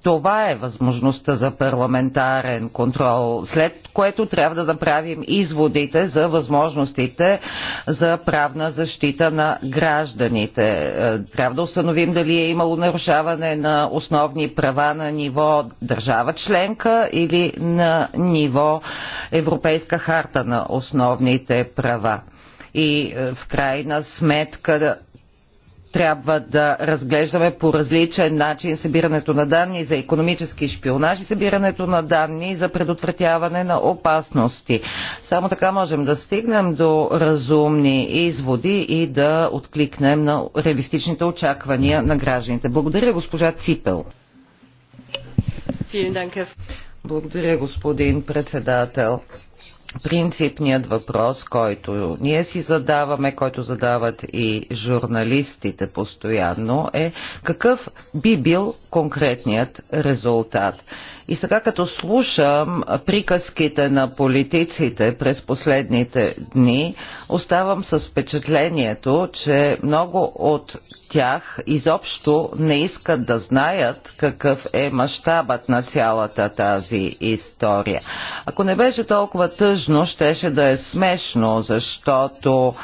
това е възможността за парламентарен контрол, след което трябва да направим изводите за възможностите за правна защита на гражданите. Трябва да установим дали е имало нарушаване на основни права на ниво държава членка или на ниво Европейска харта на основните права. И в крайна сметка трябва да разглеждаме по различен начин събирането на данни за економически шпионаж и събирането на данни за предотвратяване на опасности. Само така можем да стигнем до разумни изводи и да откликнем на реалистичните очаквания на гражданите. Благодаря, госпожа Ципел. Благодаря, господин председател принципният въпрос, който ние си задаваме, който задават и журналистите постоянно, е какъв би бил конкретният резултат. И сега като слушам приказките на политиците през последните дни, оставам с впечатлението, че много от тях изобщо не искат да знаят какъв е мащабът на цялата тази история. Ако не беше толкова тъжно, щеше да е смешно, защото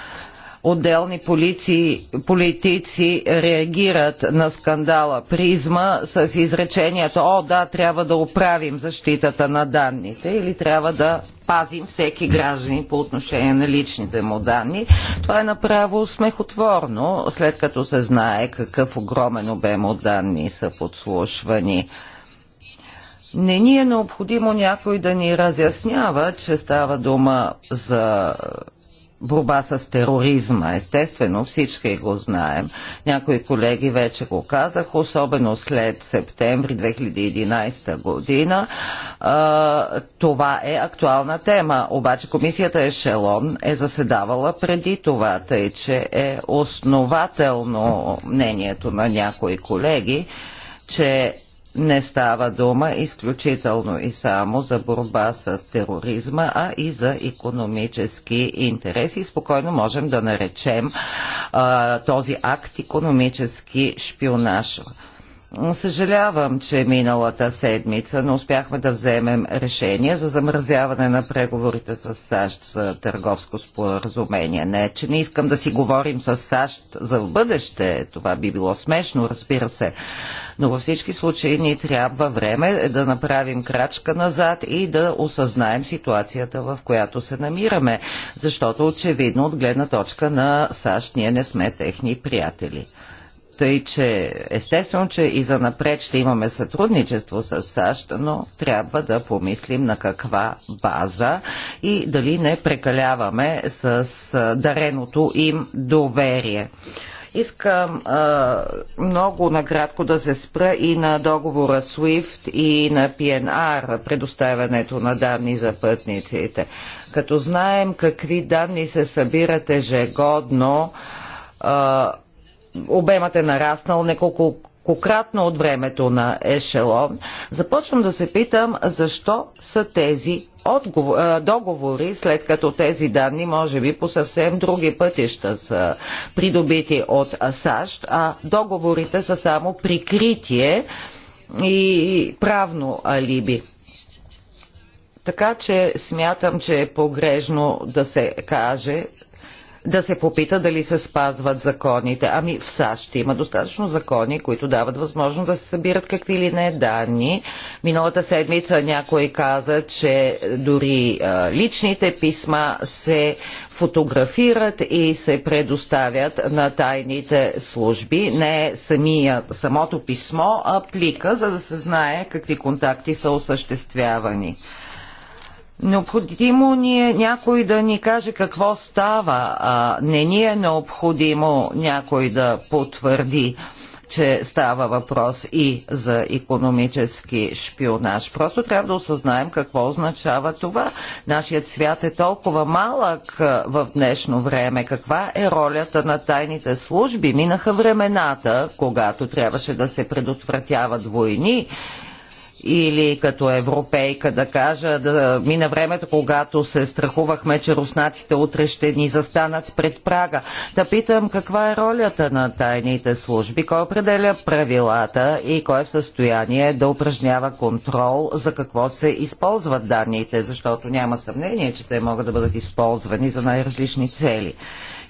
отделни полиции, политици реагират на скандала призма с изречението «О, да, трябва да оправим защитата на данните» или трябва да пазим всеки гражданин по отношение на личните му данни. Това е направо смехотворно, след като се знае какъв огромен обем от данни са подслушвани. Не ни е необходимо някой да ни разяснява, че става дума за борба с тероризма. Естествено, всички го знаем. Някои колеги вече го казах, особено след септември 2011 година. Това е актуална тема. Обаче комисията Ешелон е заседавала преди това, тъй че е основателно мнението на някои колеги, че не става дума изключително и само за борба с тероризма, а и за економически интереси. Спокойно можем да наречем а, този акт економически шпионаж. Съжалявам, че е миналата седмица не успяхме да вземем решение за замразяване на преговорите с САЩ за търговско споразумение. Не, че не искам да си говорим с САЩ за в бъдеще, това би било смешно, разбира се. Но във всички случаи ни трябва време да направим крачка назад и да осъзнаем ситуацията, в която се намираме, защото очевидно от гледна точка на САЩ ние не сме техни приятели. Тъй, че естествено, че и за напред ще имаме сътрудничество с САЩ, но трябва да помислим на каква база и дали не прекаляваме с дареното им доверие. Искам а, много накратко да се спра и на договора SWIFT и на PNR, предоставянето на данни за пътниците. Като знаем какви данни се събират ежегодно, а, обемът е нараснал неколко кократно от времето на ешелон, започвам да се питам защо са тези отговор, договори, след като тези данни може би по съвсем други пътища са придобити от САЩ, а договорите са само прикритие и правно алиби. Така че смятам, че е погрежно да се каже, да се попита дали се спазват законите. Ами в САЩ има достатъчно закони, които дават възможност да се събират какви ли не данни. Миналата седмица някой каза, че дори личните писма се фотографират и се предоставят на тайните служби. Не самия, самото писмо, а плика, за да се знае какви контакти са осъществявани. Необходимо ни е някой да ни каже какво става. А, не ни е необходимо някой да потвърди че става въпрос и за економически шпионаж. Просто трябва да осъзнаем какво означава това. Нашият свят е толкова малък в днешно време. Каква е ролята на тайните служби? Минаха времената, когато трябваше да се предотвратяват войни или като европейка да кажа, да мина времето, когато се страхувахме, че руснаците утре ще ни застанат пред прага. Да питам каква е ролята на тайните служби, кой определя правилата и кой е в състояние да упражнява контрол за какво се използват данните, защото няма съмнение, че те могат да бъдат използвани за най-различни цели.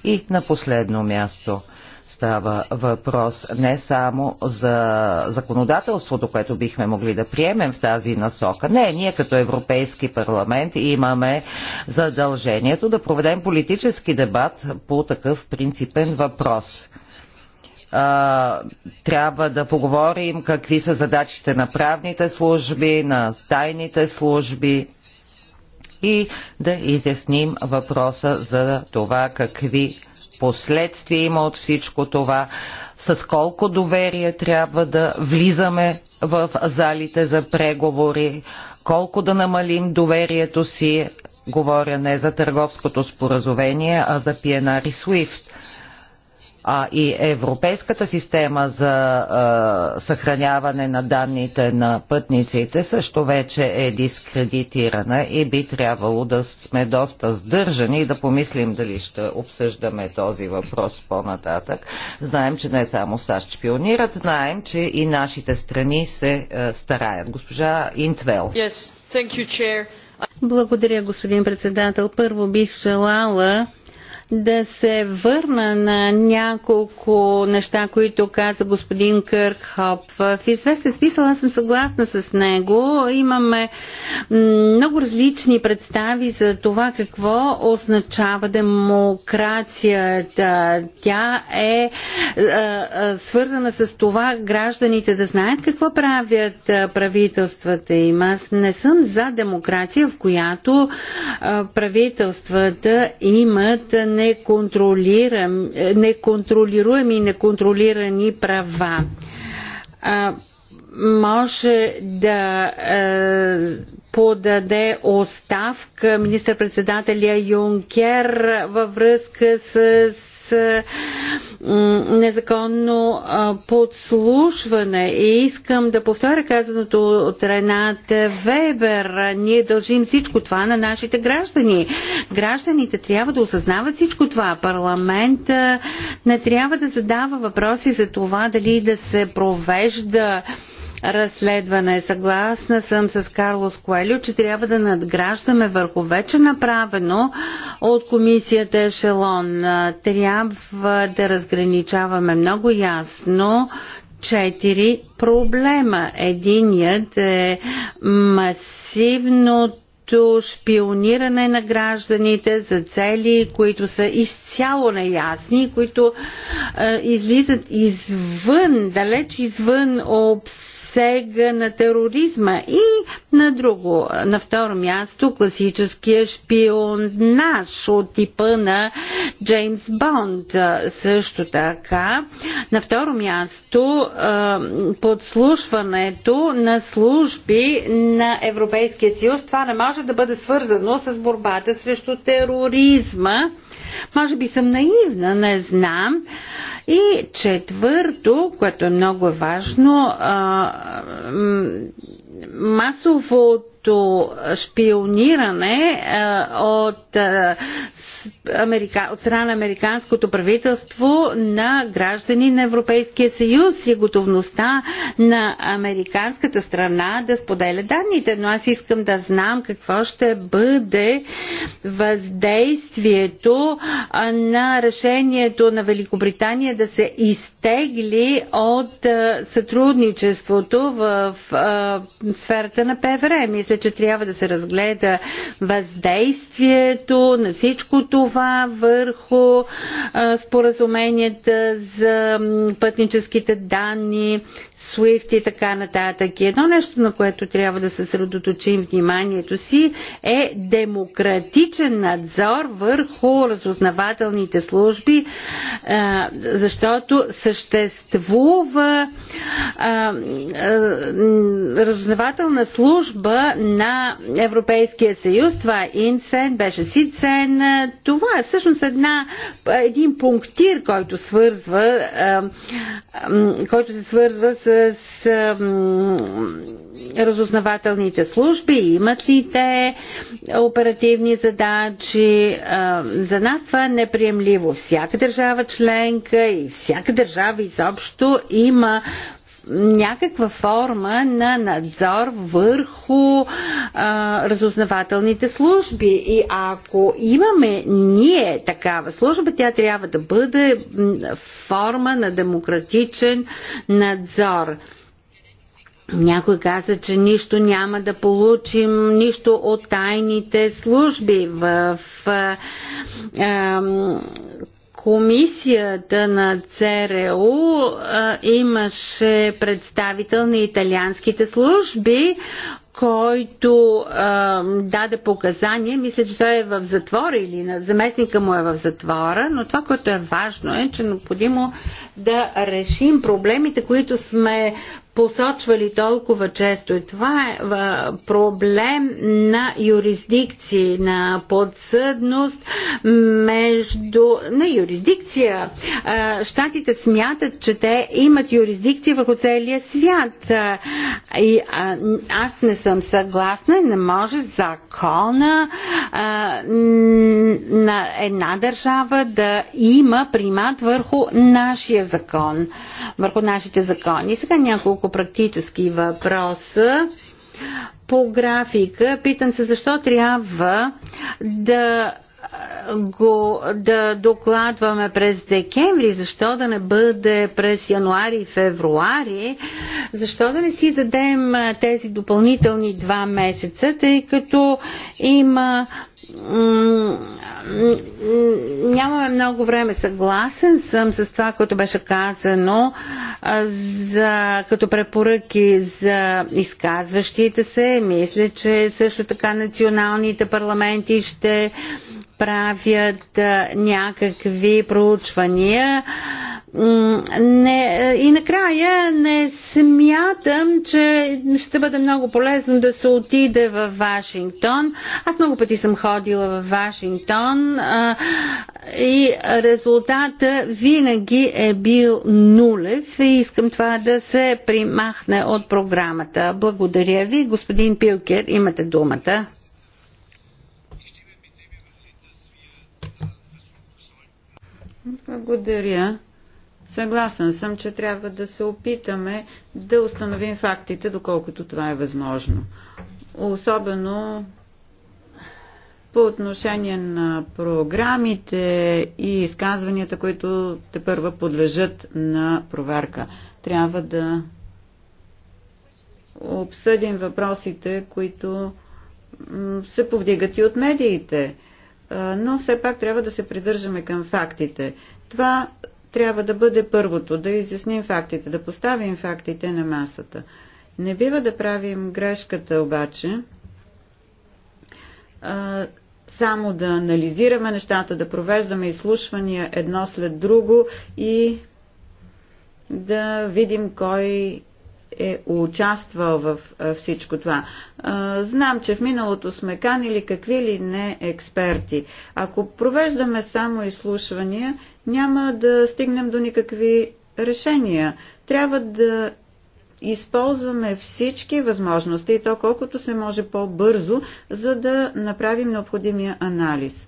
И на последно място – Става въпрос не само за законодателството, което бихме могли да приемем в тази насока. Не, ние като Европейски парламент имаме задължението да проведем политически дебат по такъв принципен въпрос а, трябва да поговорим какви са задачите на правните служби, на тайните служби и да изясним въпроса за това какви последствия има от всичко това, с колко доверие трябва да влизаме в залите за преговори, колко да намалим доверието си, говоря не за търговското споразумение, а за PNR и SWIFT а и европейската система за а, съхраняване на данните на пътниците също вече е дискредитирана и би трябвало да сме доста сдържани и да помислим дали ще обсъждаме този въпрос по-нататък. Знаем, че не само САЩ шпионират, знаем, че и нашите страни се а, стараят. Госпожа Интвел. Yes, thank you, chair. Благодаря, господин председател. Първо бих желала да се върна на няколко неща, които каза господин Кърхоп. В известен смисъл аз съм съгласна с него. Имаме много различни представи за това какво означава демокрацията. Тя е, е, е свързана с това гражданите да знаят какво правят е, правителствата им. Аз не съм за демокрация, в която правителствата имат не е, неконтролируеми и неконтролирани права. А, може да е, подаде оставка министър-председателя Юнкер във връзка с незаконно подслушване. И искам да повторя казаното от Ренат Вебер. Ние дължим всичко това на нашите граждани. Гражданите трябва да осъзнават всичко това. Парламент не трябва да задава въпроси за това дали да се провежда разследване. Съгласна съм с Карлос Коелю, че трябва да надграждаме върху вече направено от комисията Ешелон. Трябва да разграничаваме много ясно четири проблема. Единият е масивното шпиониране на гражданите за цели, които са изцяло неясни, които е, излизат извън, далеч извън обс обсега на тероризма и на друго. На второ място класическия шпионаж от типа на Джеймс Бонд също така. На второ място подслушването на служби на Европейския съюз. Това не може да бъде свързано с борбата срещу тероризма може би съм наивна, не знам. И четвърто, което е много важно, масовото като шпиониране е, от, е, от страна на американското правителство на граждани на Европейския съюз и готовността на американската страна да споделя данните. Но аз искам да знам какво ще бъде въздействието е, на решението на Великобритания да се изтегли от сътрудничеството в сферата на ПВР. Мисля, мисля, че трябва да се разгледа въздействието на всичко това върху споразуменията за пътническите данни, SWIFT и така нататък. И едно нещо, на което трябва да съсредоточим вниманието си е демократичен надзор върху разузнавателните служби, защото съществува разузнавателна служба на Европейския съюз. Това е Инсен, беше Сицен. Това е всъщност една, един пунктир, който свързва, който се свързва с с разузнавателните служби, имат ли те оперативни задачи. За нас това е неприемливо. Всяка държава членка и всяка държава изобщо има някаква форма на надзор върху а, разузнавателните служби. И ако имаме ние такава служба, тя трябва да бъде форма на демократичен надзор. Някой каза, че нищо няма да получим, нищо от тайните служби в, в комисията на ЦРУ а, имаше представител на италианските служби, който а, даде показания. Мисля, че той е в затвора или на заместника му е в затвора, но това, което е важно е, че е необходимо да решим проблемите, които сме посочвали толкова често. И това е проблем на юрисдикции, на подсъдност между... на юрисдикция. Штатите смятат, че те имат юрисдикция върху целия свят. И аз не съм съгласна, не може закона на една държава да има примат върху нашия закон, върху нашите закони. Сега няколко няколко практически въпроса по графика. Питам се защо трябва да го да докладваме през декември, защо да не бъде през януари и февруари, защо да не си дадем тези допълнителни два месеца, тъй като има нямаме много време. Съгласен съм с това, което беше казано за, като препоръки за изказващите се. Мисля, че също така националните парламенти ще правят някакви проучвания. Не, и накрая не смятам, че ще бъде много полезно да се отиде в Вашингтон. Аз много пъти съм ходила в Вашингтон а, и резултата винаги е бил нулев и искам това да се примахне от програмата. Благодаря ви. Господин Пилкер, имате думата. Благодаря. Съгласен съм, че трябва да се опитаме да установим фактите, доколкото това е възможно. Особено по отношение на програмите и изказванията, които те първа подлежат на проверка. Трябва да обсъдим въпросите, които се повдигат и от медиите но все пак трябва да се придържаме към фактите. Това трябва да бъде първото, да изясним фактите, да поставим фактите на масата. Не бива да правим грешката обаче, само да анализираме нещата, да провеждаме изслушвания едно след друго и да видим кой е участвал в всичко това. Знам, че в миналото сме канили какви ли не експерти. Ако провеждаме само изслушвания, няма да стигнем до никакви решения. Трябва да използваме всички възможности и то колкото се може по-бързо, за да направим необходимия анализ.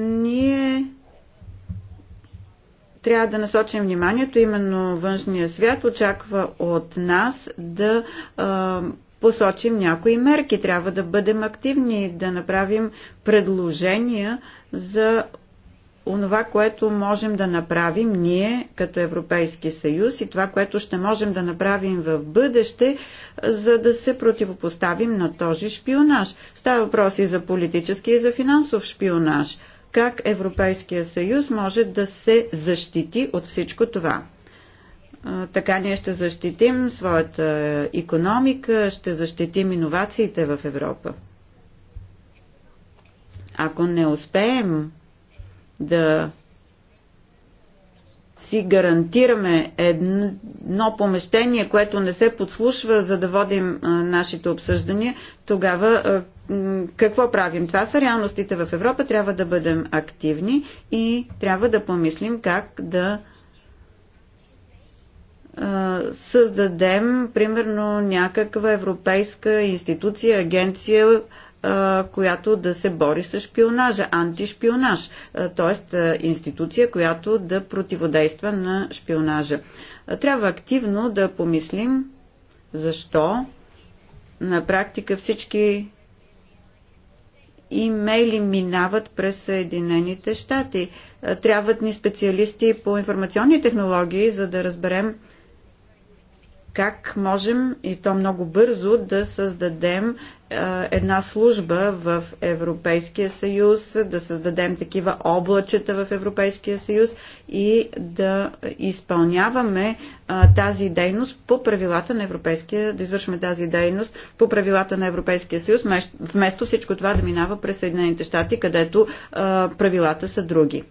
Ние трябва да насочим вниманието, именно външния свят очаква от нас да а, посочим някои мерки. Трябва да бъдем активни, да направим предложения за онова, което можем да направим ние като Европейски съюз и това, което ще можем да направим в бъдеще, за да се противопоставим на този шпионаж. Става въпрос и за политически и за финансов шпионаж – как Европейския съюз може да се защити от всичко това. Така ние ще защитим своята економика, ще защитим иновациите в Европа. Ако не успеем да си гарантираме едно помещение, което не се подслушва, за да водим нашите обсъждания, тогава какво правим? Това са реалностите в Европа. Трябва да бъдем активни и трябва да помислим как да създадем, примерно, някаква европейска институция, агенция, която да се бори с шпионажа, антишпионаж, т.е. институция, която да противодейства на шпионажа. Трябва активно да помислим защо на практика всички имейли минават през Съединените щати. Трябват ни специалисти по информационни технологии, за да разберем как можем и то много бързо да създадем е, една служба в Европейския съюз, да създадем такива облачета в Европейския съюз и да изпълняваме е, тази дейност по правилата на Европейския, да извършваме тази дейност по правилата на Европейския съюз, вместо всичко това да минава през Съединените щати, където е, правилата са други.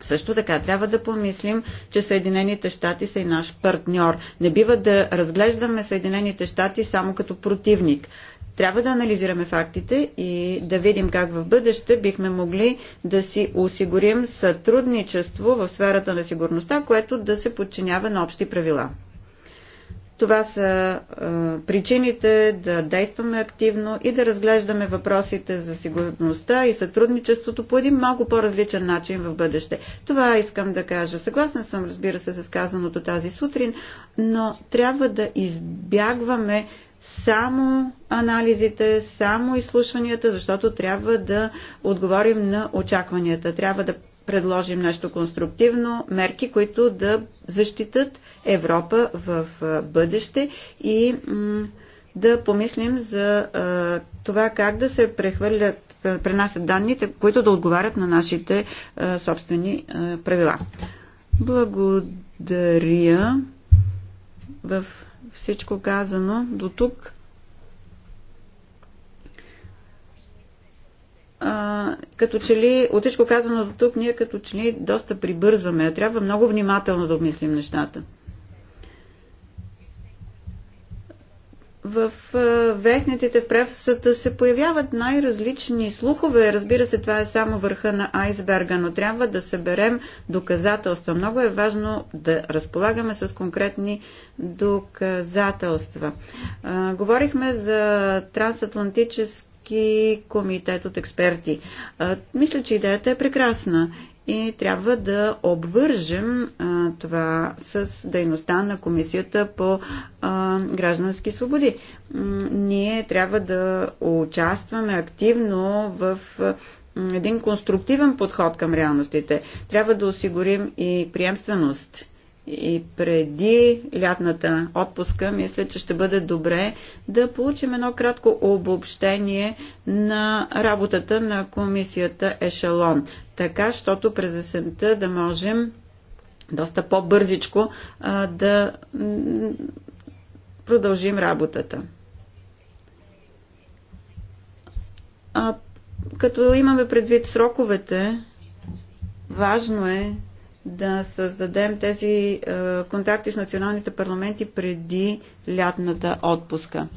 Също така трябва да помислим, че Съединените щати са и наш партньор. Не бива да разглеждаме Съединените щати само като противник. Трябва да анализираме фактите и да видим как в бъдеще бихме могли да си осигурим сътрудничество в сферата на сигурността, което да се подчинява на общи правила. Това са е, причините да действаме активно и да разглеждаме въпросите за сигурността и сътрудничеството по един много по-различен начин в бъдеще. Това искам да кажа. Съгласна съм, разбира се, с казаното тази сутрин, но трябва да избягваме само анализите, само изслушванията, защото трябва да отговорим на очакванията. Трябва да предложим нещо конструктивно, мерки, които да защитат Европа в бъдеще и да помислим за това как да се прехвърлят, пренасят данните, които да отговарят на нашите собствени правила. Благодаря в всичко казано до тук. като че ли, от всичко казано до тук, ние като че ли доста прибързваме. Трябва много внимателно да обмислим нещата. в вестниците, в пресата се появяват най-различни слухове. Разбира се, това е само върха на айсберга, но трябва да съберем доказателства. Много е важно да разполагаме с конкретни доказателства. Говорихме за трансатлантически Европейски комитет от експерти. Мисля, че идеята е прекрасна и трябва да обвържем а, това с дейността на Комисията по а, граждански свободи. ние трябва да участваме активно в един конструктивен подход към реалностите. Трябва да осигурим и приемственост и преди лятната отпуска, мисля, че ще бъде добре да получим едно кратко обобщение на работата на комисията Ешелон. Така, щото през есента да можем доста по-бързичко да продължим работата. А, като имаме предвид сроковете, важно е да създадем тези е, контакти с националните парламенти преди лятната отпуска.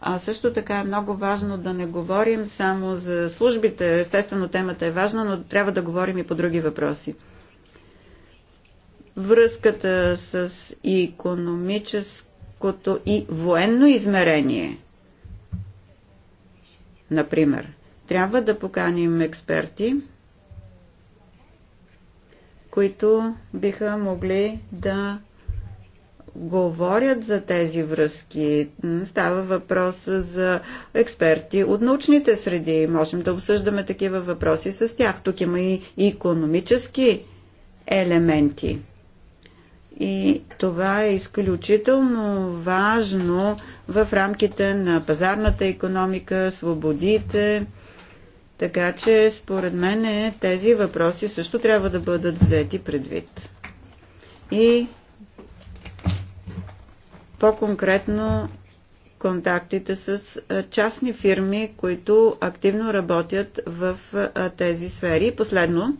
А също така е много важно да не говорим само за службите. Естествено, темата е важна, но трябва да говорим и по други въпроси. Връзката с економическото и военно измерение, например. Трябва да поканим експерти, които биха могли да говорят за тези връзки. Става въпрос за експерти от научните среди. Можем да обсъждаме такива въпроси с тях. Тук има и економически елементи. И това е изключително важно в рамките на пазарната економика, свободите така че, според мен, е, тези въпроси също трябва да бъдат взети предвид. И по-конкретно контактите с частни фирми, които активно работят в тези сфери. И Последно,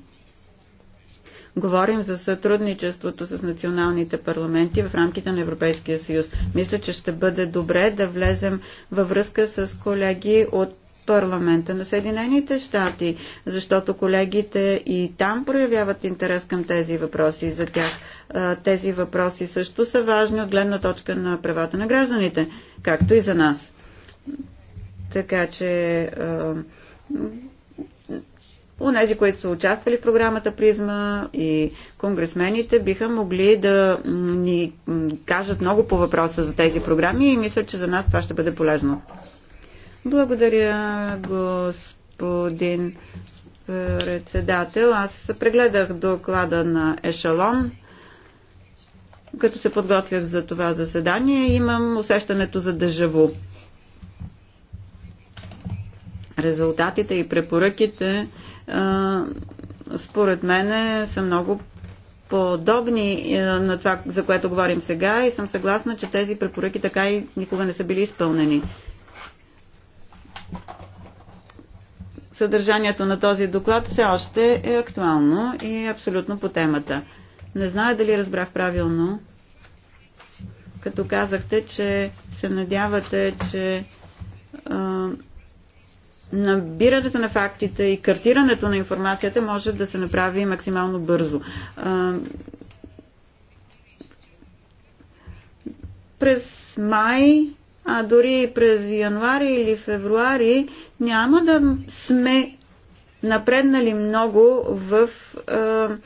говорим за сътрудничеството с националните парламенти в рамките на Европейския съюз. Мисля, че ще бъде добре да влезем във връзка с колеги от парламента на Съединените щати, защото колегите и там проявяват интерес към тези въпроси за тях. Тези въпроси също са важни от гледна точка на правата на гражданите, както и за нас. Така че Онези, които са участвали в програмата Призма и конгресмените биха могли да ни кажат много по въпроса за тези програми и мисля, че за нас това ще бъде полезно. Благодаря, господин е, председател. Аз прегледах доклада на Ешалон като се подготвях за това заседание, имам усещането за дежаво. Резултатите и препоръките е, според мен са много подобни е, на това, за което говорим сега и съм съгласна, че тези препоръки така и никога не са били изпълнени. съдържанието на този доклад все още е актуално и е абсолютно по темата. Не зная дали разбрах правилно, като казахте, че се надявате, че а, набирането на фактите и картирането на информацията може да се направи максимално бързо. А, през май а дори през януари или февруари няма да сме напреднали много в е,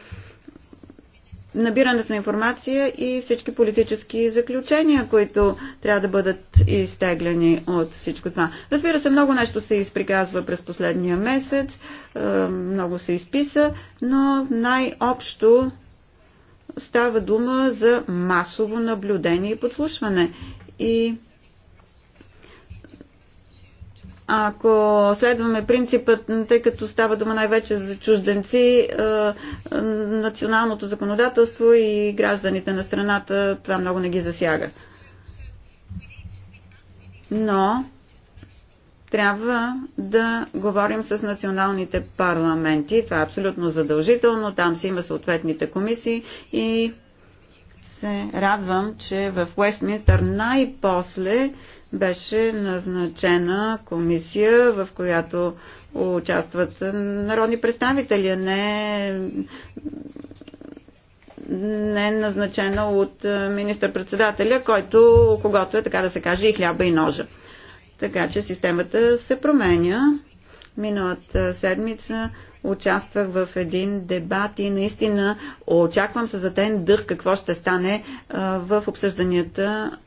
набирането на информация и всички политически заключения, които трябва да бъдат изтегляни от всичко това. Разбира се, много нещо се изприказва през последния месец, е, много се изписа, но най-общо става дума за масово наблюдение и подслушване. И ако следваме принципът, тъй като става дума най-вече за чужденци, е, е, националното законодателство и гражданите на страната, това много не ги засяга. Но трябва да говорим с националните парламенти. Това е абсолютно задължително. Там си има съответните комисии и се радвам, че в Уестминстър най-после беше назначена комисия, в която участват народни представители, а не, не назначена от министър-председателя, който, когато е, така да се каже, и хляба и ножа. Така че системата се променя Миналата седмица участвах в един дебат и наистина очаквам се за тен дъх какво ще стане в обсъжданията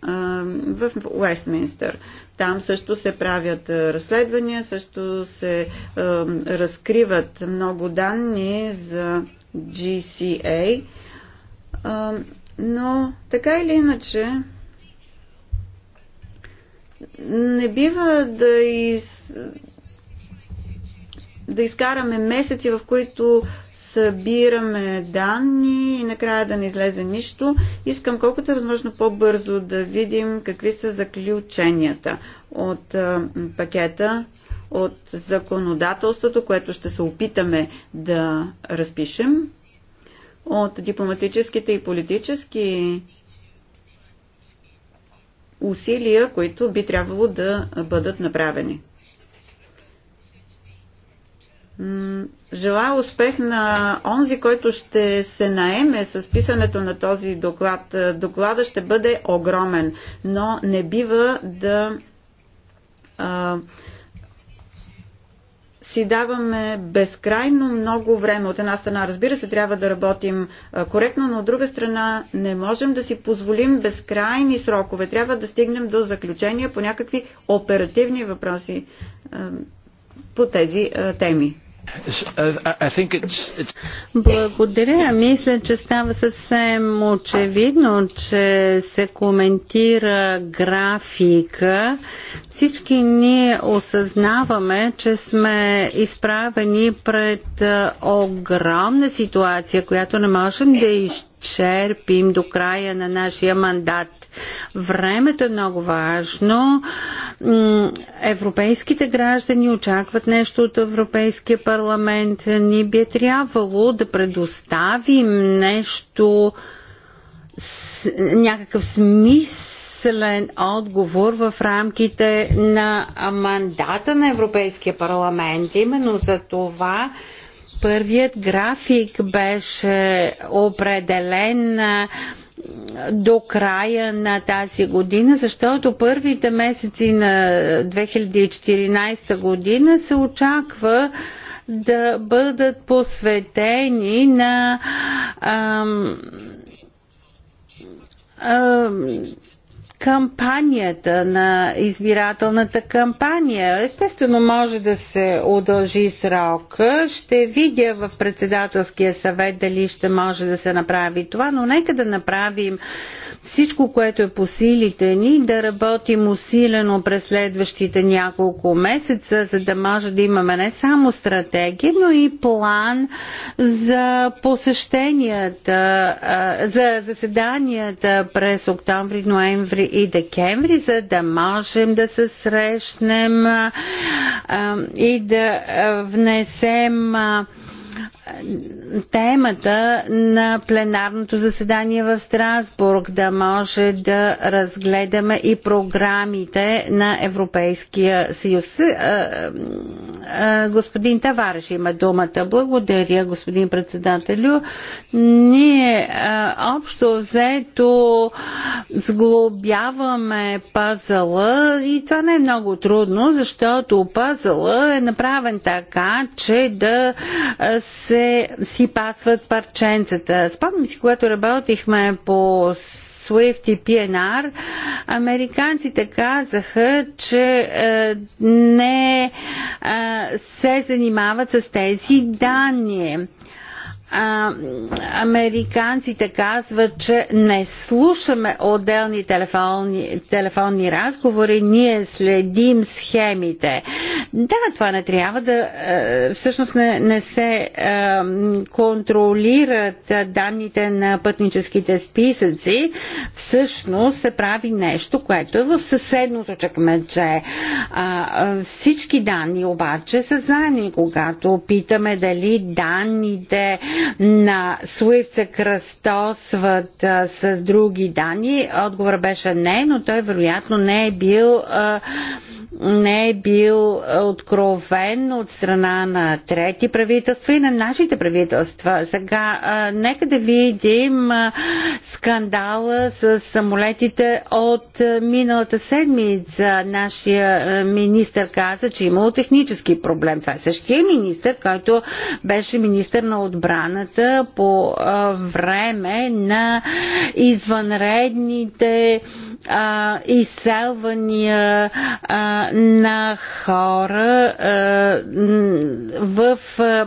в Уестминстър. Там също се правят разследвания, също се разкриват много данни за GCA. Но така или иначе, не бива да из да изкараме месеци, в които събираме данни и накрая да не излезе нищо. Искам колкото е възможно по-бързо да видим какви са заключенията от пакета, от законодателството, което ще се опитаме да разпишем, от дипломатическите и политически усилия, които би трябвало да бъдат направени. Желая успех на онзи, който ще се наеме с писането на този доклад. Е, Доклада ще бъде огромен, но не бива да а, си даваме безкрайно много време. От една страна, разбира се, трябва да работим коректно, но от друга страна не можем да си позволим безкрайни срокове. Трябва да стигнем до заключения по някакви оперативни въпроси по тези е, теми. Благодаря. Мисля, че става съвсем очевидно, че се коментира графика, всички ние осъзнаваме, че сме изправени пред е, огромна ситуация, която не можем да изчерпим до края на нашия мандат. Времето е много важно. Европейските граждани очакват нещо от Европейския парламент. Ни би е трябвало да предоставим нещо някакъв смисъл смислен отговор в рамките на мандата на Европейския парламент. Именно за това първият график беше определен до края на тази година, защото първите месеци на 2014 година се очаква да бъдат посветени на ам, ам, кампанията, на избирателната кампания. Естествено, може да се удължи срок. Ще видя в председателския съвет дали ще може да се направи това, но нека да направим всичко, което е по силите ни, да работим усилено през следващите няколко месеца, за да може да имаме не само стратегия, но и план за посещенията, за заседанията през октомври, ноември и декември, за да можем да се срещнем и да внесем темата на пленарното заседание в Страсбург, да може да разгледаме и програмите на Европейския съюз. Е, е, е, господин Тавареш има думата. Благодаря, господин председателю. Ние общо взето сглобяваме пазала и това не е много трудно, защото пазала е направен така, че да се се си пасват парченцата. Спомням си, когато работихме по SWIFT и PNR, американците казаха, че е, не е, се занимават с тези данни а, американците казват, че не слушаме отделни телефонни, телефонни разговори, ние следим схемите. Да, това не трябва да. Е, всъщност не, не се а, е, контролират данните на пътническите списъци. Всъщност се прави нещо, което е в съседното чекмедже. че. всички данни обаче са знани, когато питаме дали данните на SWIFT се кръстосват а, с други данни. Отговор беше не, но той вероятно не е бил а, не е бил откровен от страна на трети правителства и на нашите правителства. Сега, а, нека да видим а, скандала с самолетите от а, миналата седмица. Нашия а, министр каза, че имало технически проблем. Това е същия министр, който беше министр на отбрана промяната по време на извънредните а, а, изселвания а, на хора а, в а,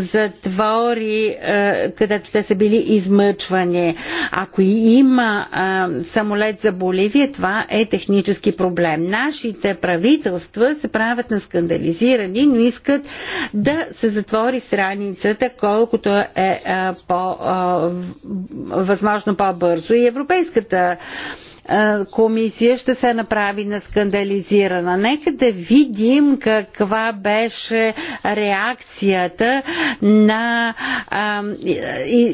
затвори, а, където те са били измъчвани. Ако има а, самолет за Боливия, това е технически проблем. Нашите правителства се правят на скандализирани, но искат да се затвори страницата, колкото е а, по, а, възможно по-бързо. И Европейската а, е, комисия ще се направи на скандализирана. Нека да видим каква беше реакцията на а, е,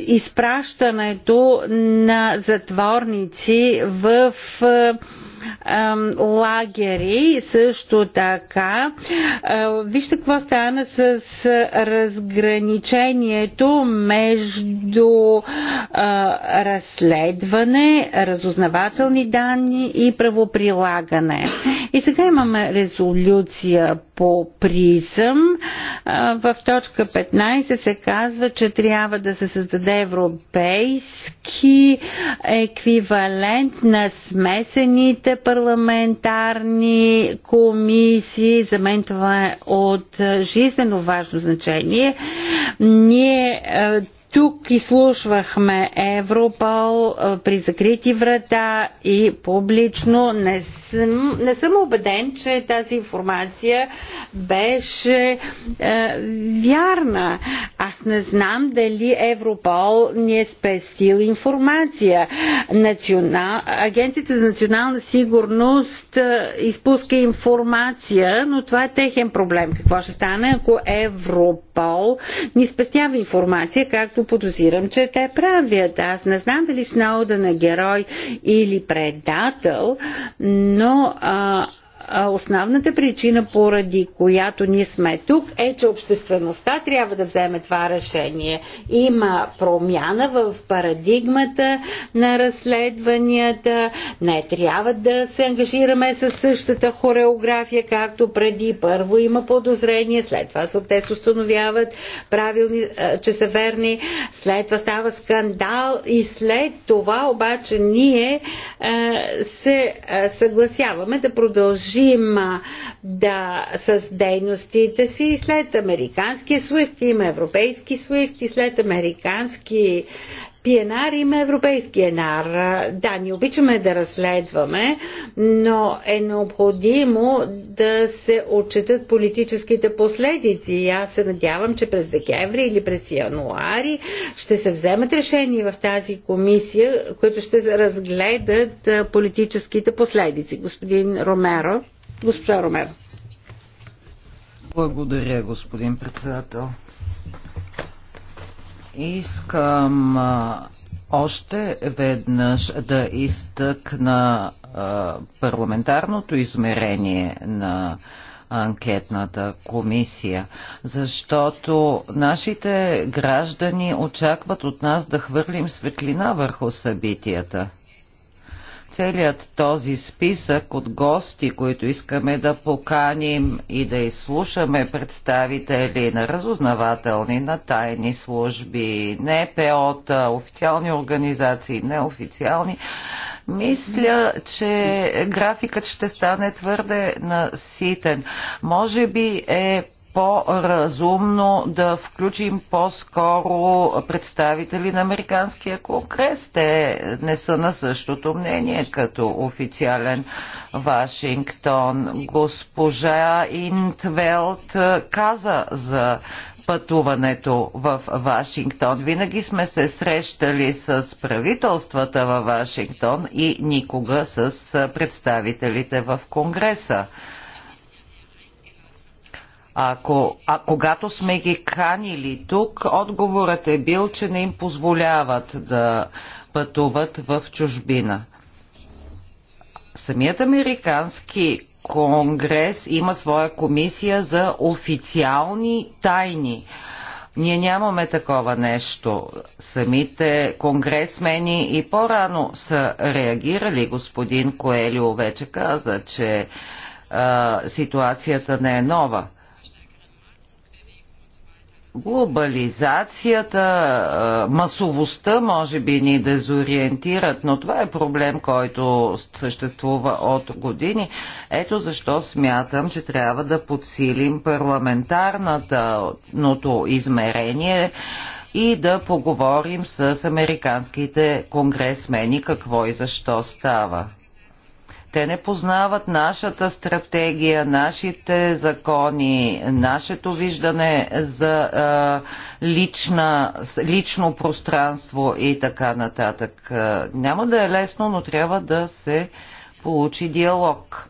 изпращането на затворници в а, е, лагери също така. Вижте какво стана с разграничението между разследване, разузнавателни данни и правоприлагане. И сега имаме резолюция по призъм. В точка 15 се казва, че трябва да се създаде европейски еквивалент на смесените парламентарни комисии. За мен това е от жизнено важно значение. Ние е, тук изслушвахме Европол при закрити врата и публично. Не съм, не съм убеден, че тази информация беше е, вярна. Аз не знам дали Европол ни е спестил информация. Национал... Агенцията за национална сигурност изпуска информация, но това е техен проблем. Какво ще стане, ако Европол ни спестява информация, както подозирам, че те правят. Аз не знам дали Сноудън е герой или предател, но а, основната причина, поради която ние сме тук, е, че обществеността трябва да вземе това решение. Има промяна в парадигмата на разследванията. Не трябва да се ангажираме с същата хореография, както преди. Първо има подозрение, след това те се установяват правилни, че са верни, след това става скандал и след това обаче ние се съгласяваме да продължим продължим да, с дейностите си след американския SWIFT. Има европейски SWIFT и след американски пиенар има европейски енар. Да, ни обичаме да разследваме, но е необходимо да се отчитат политическите последици. И аз се надявам, че през декември или през януари ще се вземат решения в тази комисия, които ще разгледат политическите последици. Господин Ромеро. Госпожа Ромеро. Благодаря, господин председател. Искам още веднъж да изтъкна парламентарното измерение на анкетната комисия, защото нашите граждани очакват от нас да хвърлим светлина върху събитията целият този списък от гости, които искаме да поканим и да изслушаме представители на разузнавателни, на тайни служби, НПО-та, официални организации, неофициални, мисля, че графикът ще стане твърде наситен. Може би е по-разумно да включим по-скоро представители на Американския конгрес. Те не са на същото мнение като официален Вашингтон. Госпожа Интвелт каза за пътуването в Вашингтон. Винаги сме се срещали с правителствата във Вашингтон и никога с представителите в Конгреса. Ако, а когато сме ги канили тук, отговорът е бил, че не им позволяват да пътуват в чужбина. Самият американски конгрес има своя комисия за официални тайни. Ние нямаме такова нещо. Самите конгресмени и по-рано са реагирали. Господин Коелио вече каза, че а, ситуацията не е нова. Глобализацията, масовостта може би ни дезориентират, но това е проблем, който съществува от години. Ето защо смятам, че трябва да подсилим парламентарното измерение и да поговорим с американските конгресмени какво и защо става. Те не познават нашата стратегия, нашите закони, нашето виждане за а, лична, лично пространство и така нататък. Няма да е лесно, но трябва да се получи диалог.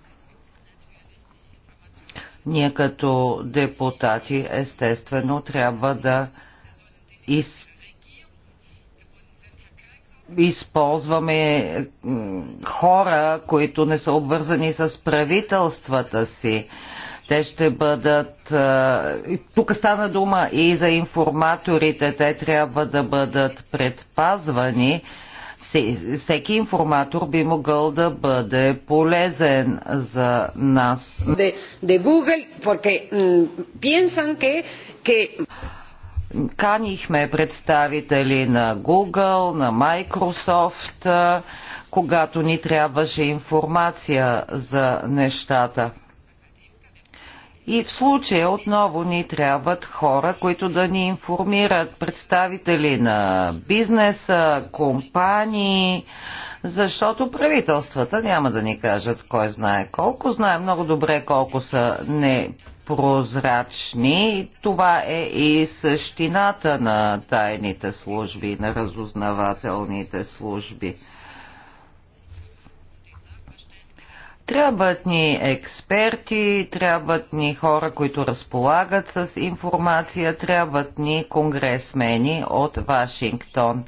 Ние като депутати, естествено, трябва да изпълняваме използваме хора, които не са обвързани с правителствата си. Те ще бъдат. Тук стана дума и за информаторите. Те трябва да бъдат предпазвани. Всеки информатор би могъл да бъде полезен за нас. De, de Google, porque piensan que, que канихме представители на Google, на Microsoft, когато ни трябваше информация за нещата. И в случая отново ни трябват хора, които да ни информират, представители на бизнеса, компании, защото правителствата няма да ни кажат кой знае колко. Знае много добре колко са не прозрачни. Това е и същината на тайните служби, на разузнавателните служби. Трябват ни експерти, трябват ни хора, които разполагат с информация, трябват ни конгресмени от Вашингтон.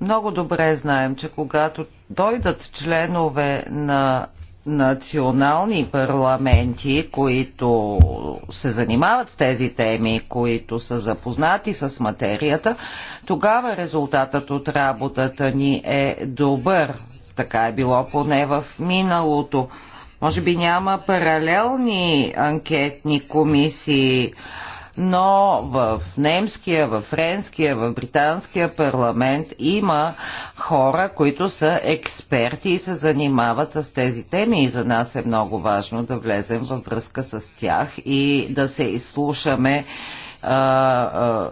Много добре знаем, че когато дойдат членове на национални парламенти, които се занимават с тези теми, които са запознати с материята, тогава резултатът от работата ни е добър. Така е било поне в миналото. Може би няма паралелни анкетни комисии но в немския, в френския, в британския парламент има хора, които са експерти и се занимават с тези теми и за нас е много важно да влезем във връзка с тях и да се изслушаме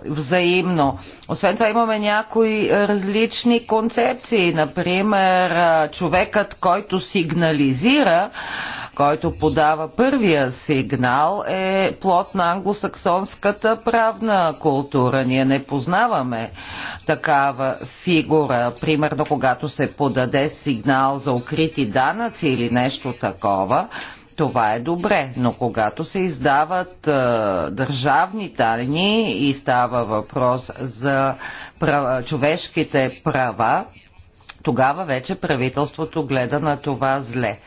взаимно. Освен това имаме някои различни концепции. Например, човекът, който сигнализира, който подава първия сигнал, е плод на англосаксонската правна култура. Ние не познаваме такава фигура. Примерно, когато се подаде сигнал за укрити данъци или нещо такова, това е добре, но когато се издават а, държавни тайни и става въпрос за прав... човешките права, тогава вече правителството гледа на това зле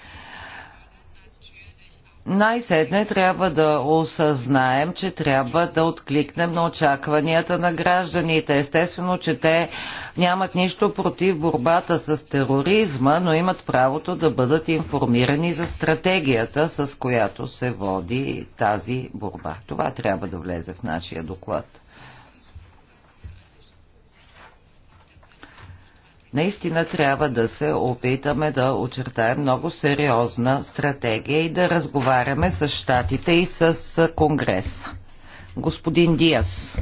най-сетне трябва да осъзнаем, че трябва да откликнем на очакванията на гражданите. Естествено, че те нямат нищо против борбата с тероризма, но имат правото да бъдат информирани за стратегията, с която се води тази борба. Това трябва да влезе в нашия доклад. Наистина трябва да се опитаме да очертаем много сериозна стратегия и да разговаряме с щатите и с Конгрес. Господин Диас.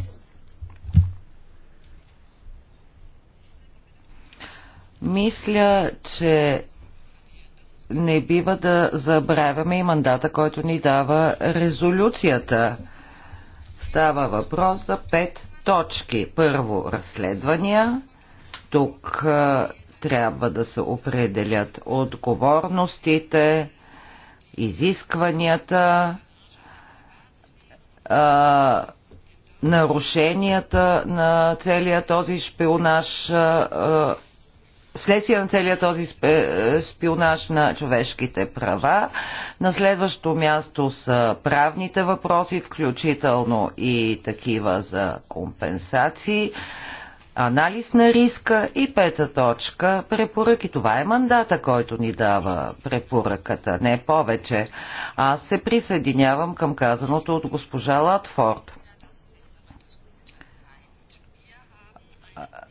Мисля, че не бива да забравяме и мандата, който ни дава резолюцията. Става въпрос за пет точки. Първо, разследвания. Тук трябва да се определят отговорностите, изискванията, а, нарушенията на целия този шпионаж, следствие на целия този шпионаж на човешките права. На следващо място са правните въпроси, включително и такива за компенсации анализ на риска и пета точка препоръки. Това е мандата, който ни дава препоръката, не повече. Аз се присъединявам към казаното от госпожа Латфорд.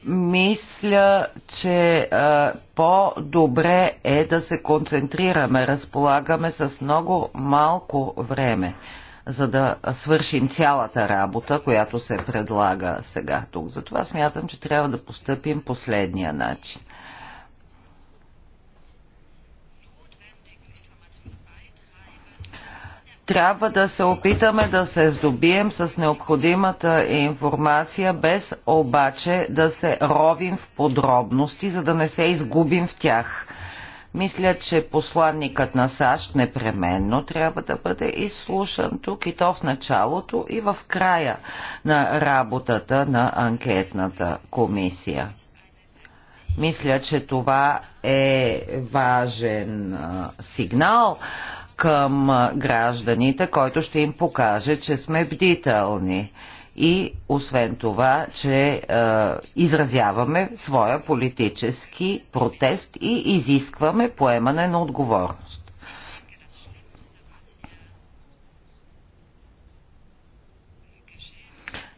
Мисля, че по-добре е да се концентрираме. Разполагаме с много малко време за да свършим цялата работа, която се предлага сега тук. Затова смятам, че трябва да постъпим последния начин. трябва да се опитаме да се здобием с необходимата информация, без обаче да се ровим в подробности, за да не се изгубим в тях. Мисля, че посланникът на САЩ непременно трябва да бъде изслушан тук и то в началото и в края на работата на анкетната комисия. Мисля, че това е важен сигнал към гражданите, който ще им покаже, че сме бдителни и освен това, че е, изразяваме своя политически протест и изискваме поемане на отговорност.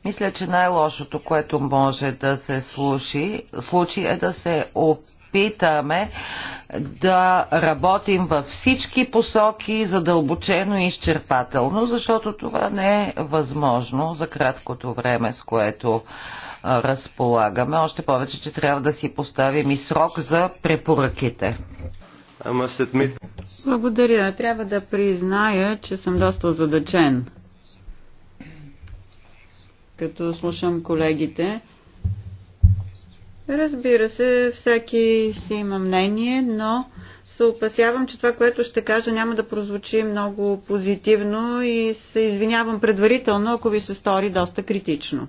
Мисля, че най-лошото, което може да се случи, случи е да се опитаме да работим във всички посоки задълбочено и изчерпателно, защото това не е възможно за краткото време, с което разполагаме. Още повече, че трябва да си поставим и срок за препоръките. ама Благодаря. Трябва да призная, че съм доста задачен. Като слушам колегите, Разбира се, всеки си има мнение, но се опасявам, че това, което ще кажа, няма да прозвучи много позитивно и се извинявам предварително, ако ви се стори доста критично.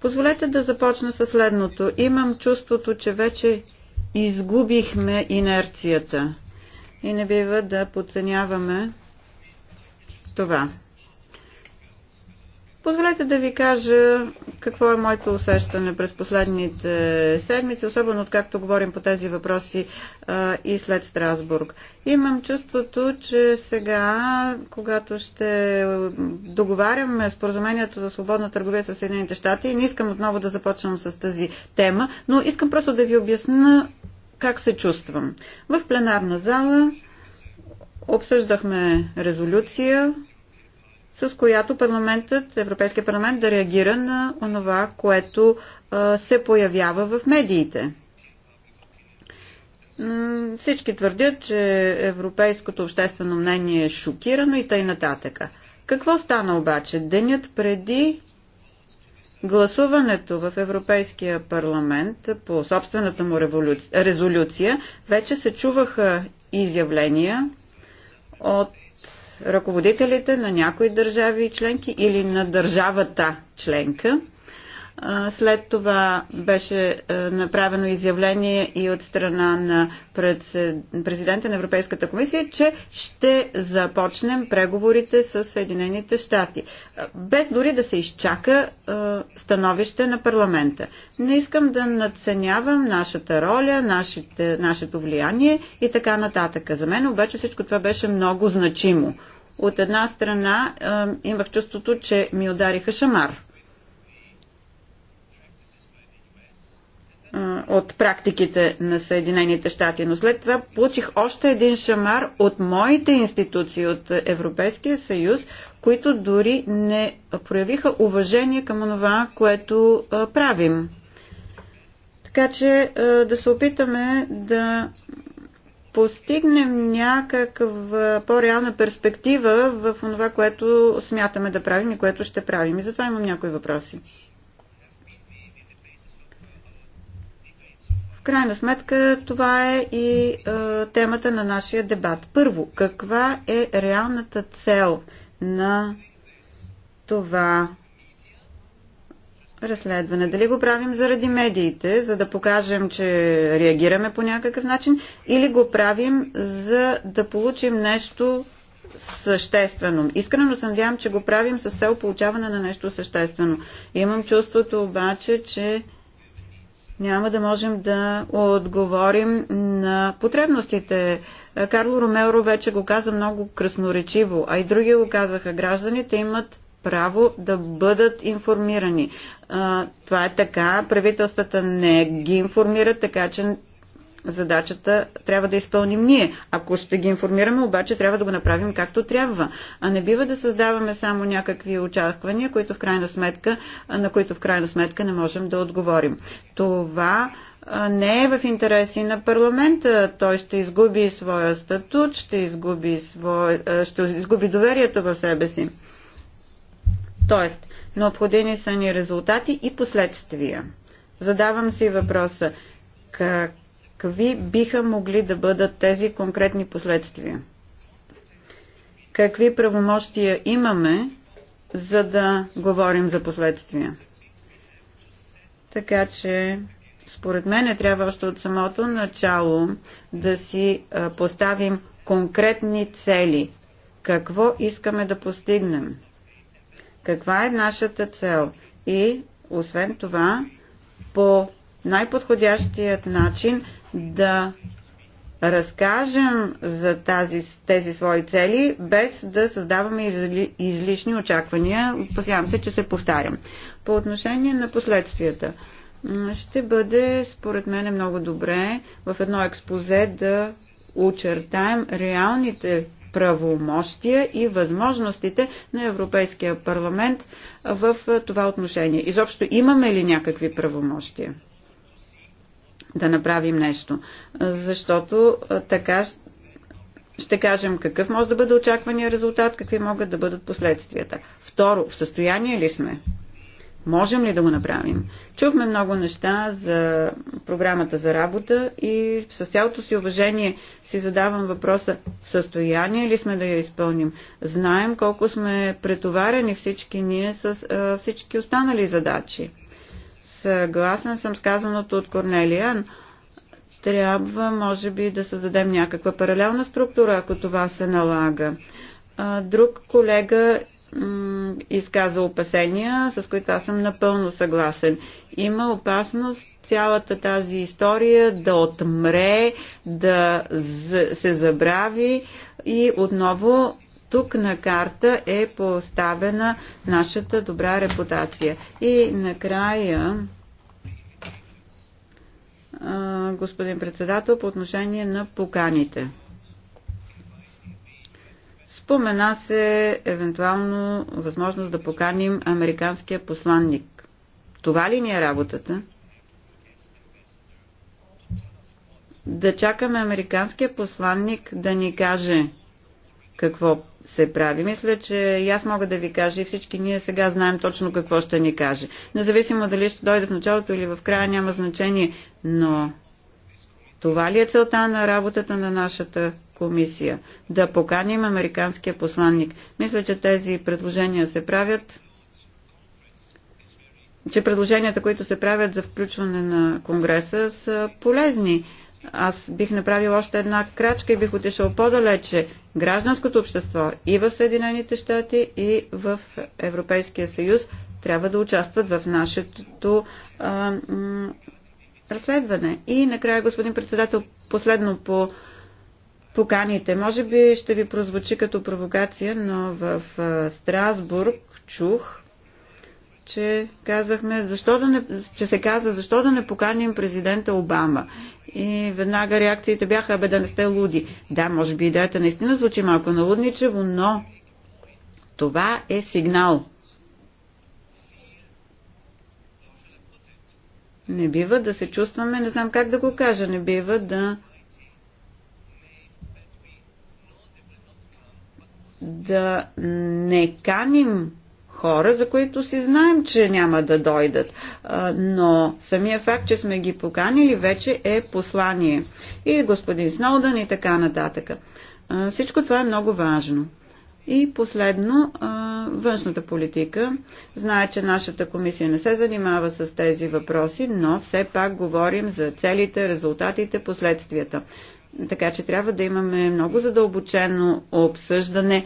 Позволете да започна със следното. Имам чувството, че вече изгубихме инерцията и не бива да подценяваме това. Позволете да ви кажа какво е моето усещане през последните седмици, особено откакто говорим по тези въпроси а, и след Страсбург. Имам чувството, че сега, когато ще договаряме споразумението за свободна търговия с Съединените щати, не искам отново да започвам с тази тема, но искам просто да ви обясна как се чувствам. В пленарна зала обсъждахме резолюция, с която парламентът, Европейския парламент да реагира на онова, което се появява в медиите. Всички твърдят, че европейското обществено мнение е шокирано и тъй нататък. Какво стана обаче? Денят преди гласуването в Европейския парламент по собствената му резолюция, вече се чуваха изявления от ръководителите на някои държави членки или на държавата членка – след това беше е, направено изявление и от страна на президента на Европейската комисия, че ще започнем преговорите с Съединените щати, е, без дори да се изчака е, становище на парламента. Не искам да надценявам нашата роля, нашите, нашето влияние и така нататък. За мен обаче всичко това беше много значимо. От една страна имах чувството, че ми удариха шамар от практиките на Съединените щати, но след това получих още един шамар от моите институции, от Европейския съюз, които дори не проявиха уважение към това, което правим. Така че да се опитаме да постигнем някаква по-реална перспектива в това, което смятаме да правим и което ще правим. И затова имам някои въпроси. крайна сметка това е и е, темата на нашия дебат. Първо, каква е реалната цел на това разследване. Дали го правим заради медиите, за да покажем, че реагираме по някакъв начин, или го правим за да получим нещо съществено. Искрено се надявам, че го правим с цел получаване на нещо съществено. Имам чувството обаче, че няма да можем да отговорим на потребностите. Карло Ромеро вече го каза много красноречиво, а и други го казаха. Гражданите имат право да бъдат информирани. Това е така. Правителствата не ги информират, така че задачата трябва да изпълним ние. Ако ще ги информираме, обаче трябва да го направим както трябва. А не бива да създаваме само някакви очаквания, които в крайна сметка, на които в крайна сметка не можем да отговорим. Това не е в интереси на парламента. Той ще изгуби своя статут, ще изгуби, своя. ще изгуби доверието в себе си. Тоест, необходими са ни резултати и последствия. Задавам си въпроса, как Какви биха могли да бъдат тези конкретни последствия? Какви правомощия имаме, за да говорим за последствия? Така че, според мен, е трябва още от самото начало да си поставим конкретни цели. Какво искаме да постигнем? Каква е нашата цел? И, освен това, по най-подходящият начин да разкажем за тази, тези свои цели, без да създаваме изли, излишни очаквания. Опасявам се, че се повтарям. По отношение на последствията, ще бъде, според мен, много добре в едно експозе да очертаем реалните правомощия и възможностите на Европейския парламент в това отношение. Изобщо имаме ли някакви правомощия? да направим нещо. Защото така ще кажем какъв може да бъде очаквания резултат, какви могат да бъдат последствията. Второ, в състояние ли сме? Можем ли да го направим? Чухме много неща за програмата за работа и с цялото си уважение си задавам въпроса в състояние ли сме да я изпълним. Знаем колко сме претоварени всички ние с а, всички останали задачи. Съгласен съм с казаното от Корнелия. Трябва, може би, да създадем някаква паралелна структура, ако това се налага. Друг колега изказа опасения, с които аз съм напълно съгласен. Има опасност цялата тази история да отмре, да се забрави и отново тук на карта е поставена нашата добра репутация. И накрая, господин председател, по отношение на поканите. Спомена се евентуално възможност да поканим американския посланник. Това ли ни е работата? Да чакаме американския посланник да ни каже – какво се прави. Мисля, че и аз мога да ви кажа и всички ние сега знаем точно какво ще ни каже. Независимо дали ще дойде в началото или в края, няма значение, но това ли е целта на работата на нашата комисия? Да поканим американския посланник. Мисля, че тези предложения се правят че предложенията, които се правят за включване на Конгреса, са полезни. Аз бих направил още една крачка и бих отишъл по-далече. Гражданското общество и в Съединените щати, и в Европейския съюз трябва да участват в нашето а, м- разследване. И накрая, господин председател, последно по поканите. Може би ще ви прозвучи като провокация, но в Страсбург чух, че казахме, защо да не, че се каза, защо да не поканим президента Обама. И веднага реакциите бяха, бе да не сте луди. Да, може би идеята наистина звучи малко налудничево, но това е сигнал. Не бива да се чувстваме, не знам как да го кажа, не бива да да не каним хора, за които си знаем, че няма да дойдат. Но самия факт, че сме ги поканили, вече е послание. И господин Сноудън и така нататък. Всичко това е много важно. И последно, външната политика. Знае, че нашата комисия не се занимава с тези въпроси, но все пак говорим за целите, резултатите, последствията. Така че трябва да имаме много задълбочено обсъждане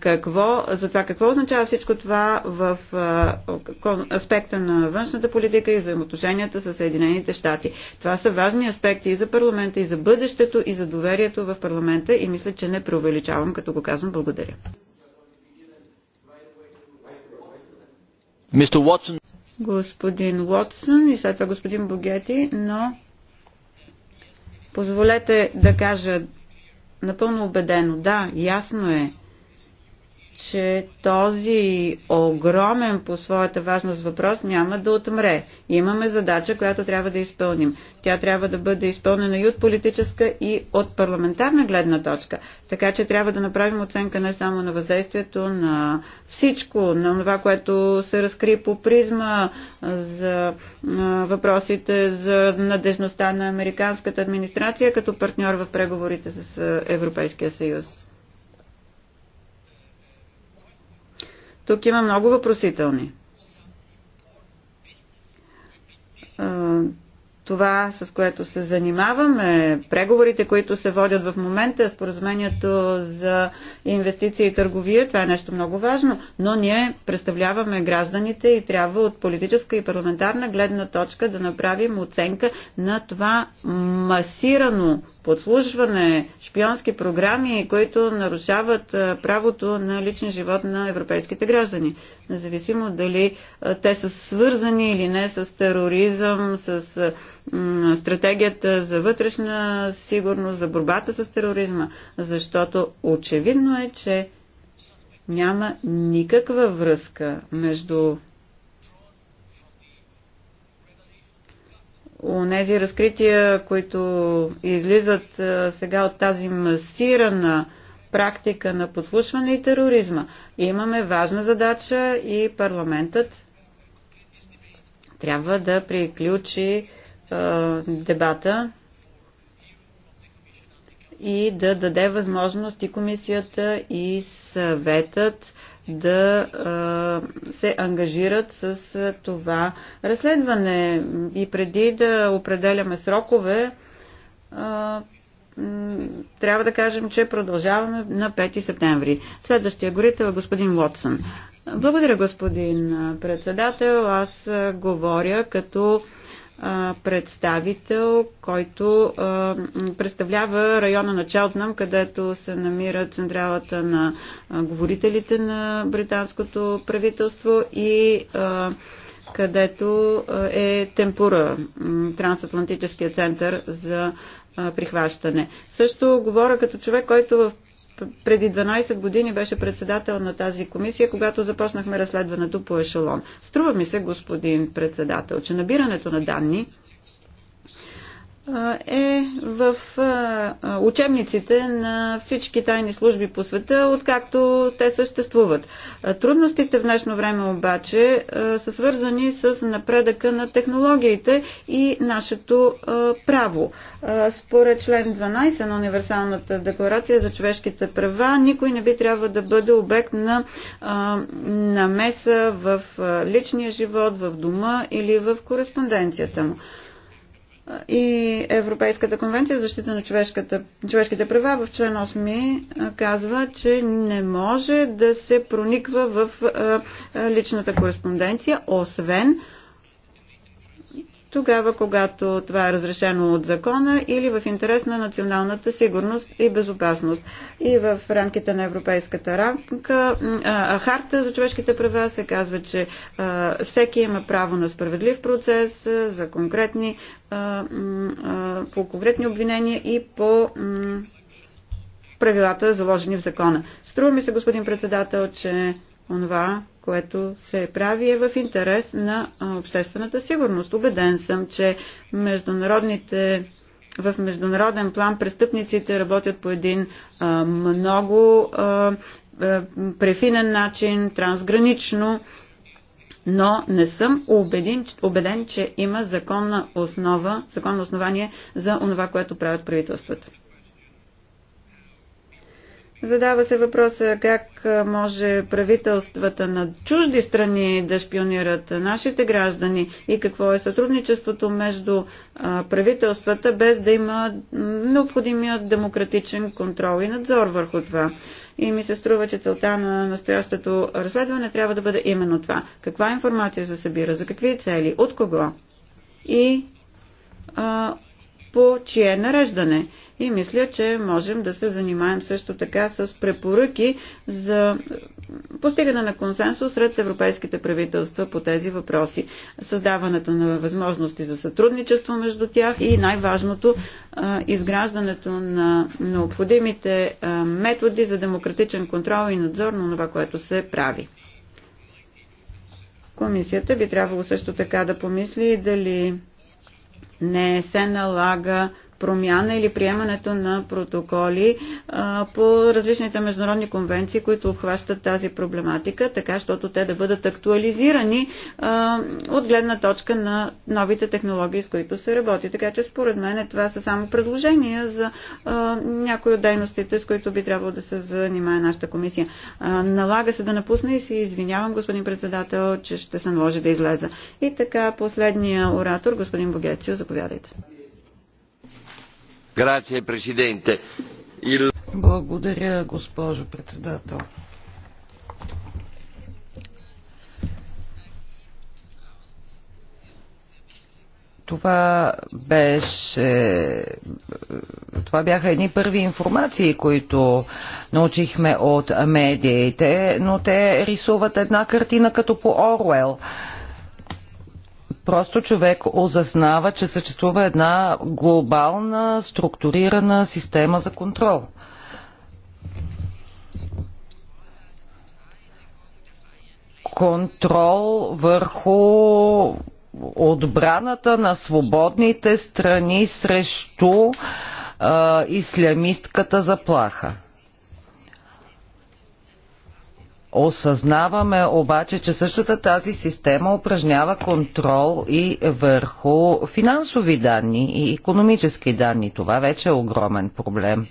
какво, за това какво означава всичко това в аспекта на външната политика и взаимоотношенията с Съединените щати. Това са важни аспекти и за парламента, и за бъдещето, и за доверието в парламента и мисля, че не преувеличавам, като го казвам. Благодаря. Господин Уотсън и след това господин Богети, но Позволете да кажа напълно убедено, да, ясно е, че този огромен по своята важност въпрос няма да отмре. Имаме задача, която трябва да изпълним. Тя трябва да бъде изпълнена и от политическа, и от парламентарна гледна точка. Така че трябва да направим оценка не само на въздействието, на всичко, на това, което се разкри по призма за въпросите за надежността на американската администрация като партньор в преговорите с Европейския съюз. Тук има много въпросителни. Това, с което се занимаваме, преговорите, които се водят в момента, споразумението за инвестиции и търговия, това е нещо много важно, но ние представляваме гражданите и трябва от политическа и парламентарна гледна точка да направим оценка на това масирано подслужване, шпионски програми, които нарушават правото на личен живот на европейските граждани. Независимо дали те са свързани или не с тероризъм, с стратегията за вътрешна сигурност, за борбата с тероризма. Защото очевидно е, че няма никаква връзка между онези разкрития, които излизат сега от тази масирана практика на подслушване и тероризма. Имаме важна задача и парламентът трябва да приключи е, дебата и да даде възможност и комисията и съветът да се ангажират с това разследване. И преди да определяме срокове, трябва да кажем, че продължаваме на 5 септември. Следващия горител е господин Уотсън. Благодаря, господин председател. Аз говоря като представител, който представлява района на Челтнам, където се намира централата на говорителите на британското правителство и където е Темпура, трансатлантическия център за прихващане. Също говоря като човек, който в преди 12 години беше председател на тази комисия, когато започнахме разследването по ешелон. Струва ми се, господин председател, че набирането на данни е в учебниците на всички тайни служби по света, откакто те съществуват. Трудностите в днешно време обаче са свързани с напредъка на технологиите и нашето право. Според член 12 на Универсалната декларация за човешките права, никой не би трябва да бъде обект на намеса в личния живот, в дома или в кореспонденцията му и Европейската конвенция за защита на човешките права в член 8 казва, че не може да се прониква в личната кореспонденция, освен тогава, когато това е разрешено от закона или в интерес на националната сигурност и безопасност. И в рамките на Европейската рамка, а, харта за човешките права се казва, че а, всеки има право на справедлив процес а, за конкретни, а, а, по конкретни обвинения и по правилата, заложени в закона. Струва ми се, господин председател, че онова, което се прави е в интерес на обществената сигурност. Убеден съм, че международните в международен план престъпниците работят по един а, много а, а, префинен начин, трансгранично, но не съм убеден, убеден, че има законна основа, законно основание за онова, което правят правителствата. Задава се въпроса как може правителствата на чужди страни да шпионират нашите граждани и какво е сътрудничеството между правителствата, без да има необходимия демократичен контрол и надзор върху това. И ми се струва, че целта на настоящото разследване трябва да бъде именно това. Каква информация се събира, за какви цели, от кого и а, по чие нареждане. И мисля, че можем да се занимаем също така с препоръки за постигане на консенсус сред европейските правителства по тези въпроси. Създаването на възможности за сътрудничество между тях и най-важното изграждането на необходимите методи за демократичен контрол и надзор на това, което се прави. Комисията би трябвало също така да помисли дали не се налага промяна или приемането на протоколи а, по различните международни конвенции, които обхващат тази проблематика, така защото те да бъдат актуализирани а, от гледна точка на новите технологии, с които се работи. Така че според мен това са само предложения за а, някои от дейностите, с които би трябвало да се занимае нашата комисия. А, налага се да напусна и се извинявам, господин председател, че ще се наложи да излеза. И така, последния оратор, господин Богецио, заповядайте. Благодаря, госпожо председател. това беше. Това бяха едни първи информации, които научихме от медиите, но те рисуват една картина като по Оруел просто човек осъзнава, че съществува една глобална, структурирана система за контрол. Контрол върху отбраната на свободните страни срещу а, ислямистката заплаха. Осъзнаваме обаче, че същата тази система упражнява контрол и върху финансови данни и економически данни. Това вече е огромен проблем.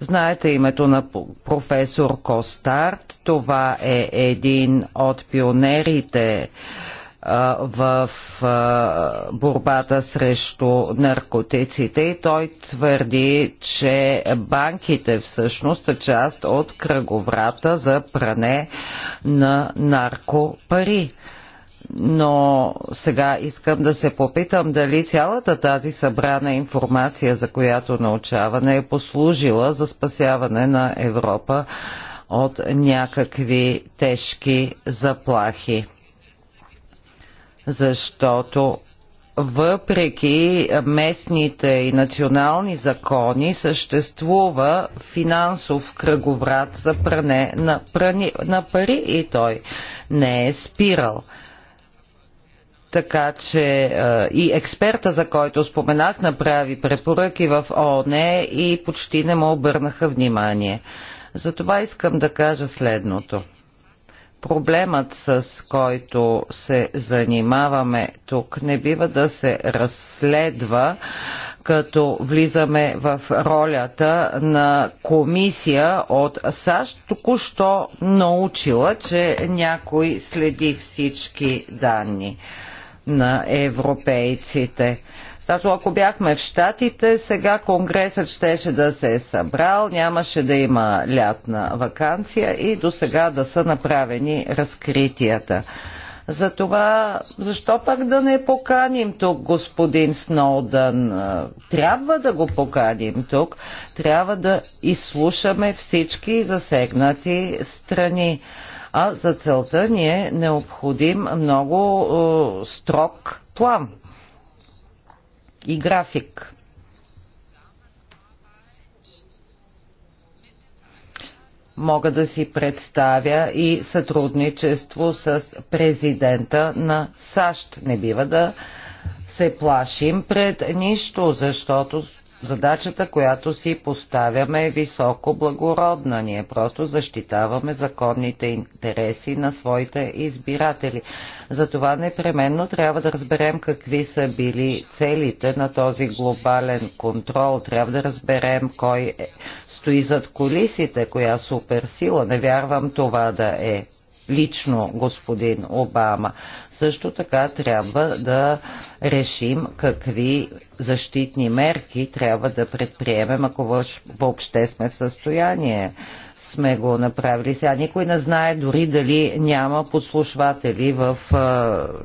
Знаете името на професор Костарт. Това е един от пионерите в борбата срещу наркотиците и той твърди, че банките всъщност са част от кръговрата за пране на наркопари. Но сега искам да се попитам дали цялата тази събрана информация, за която научаване е послужила за спасяване на Европа от някакви тежки заплахи защото въпреки местните и национални закони съществува финансов кръговрат за пране на, прани, на пари и той не е спирал. Така че и експерта, за който споменах, направи препоръки в ООН и почти не му обърнаха внимание. Затова искам да кажа следното проблемът, с който се занимаваме тук, не бива да се разследва като влизаме в ролята на комисия от САЩ, току-що научила, че някой следи всички данни на европейците. Защото ако бяхме в Штатите, сега Конгресът щеше да се е събрал, нямаше да има лятна вакансия и до сега да са направени разкритията. За това, защо пък да не поканим тук господин Сноудън? Трябва да го поканим тук. Трябва да изслушаме всички засегнати страни. А за целта ни е необходим много е, строг план и график. Мога да си представя и сътрудничество с президента на САЩ. Не бива да се плашим пред нищо, защото Задачата, която си поставяме е високо благородна. Ние просто защитаваме законните интереси на своите избиратели. Затова непременно трябва да разберем какви са били целите на този глобален контрол. Трябва да разберем кой е, стои зад колисите, коя суперсила. Не вярвам това да е лично господин Обама. Също така трябва да решим какви защитни мерки трябва да предприемем, ако въобще сме в състояние сме го направили. Сега никой не знае дори дали няма подслушватели в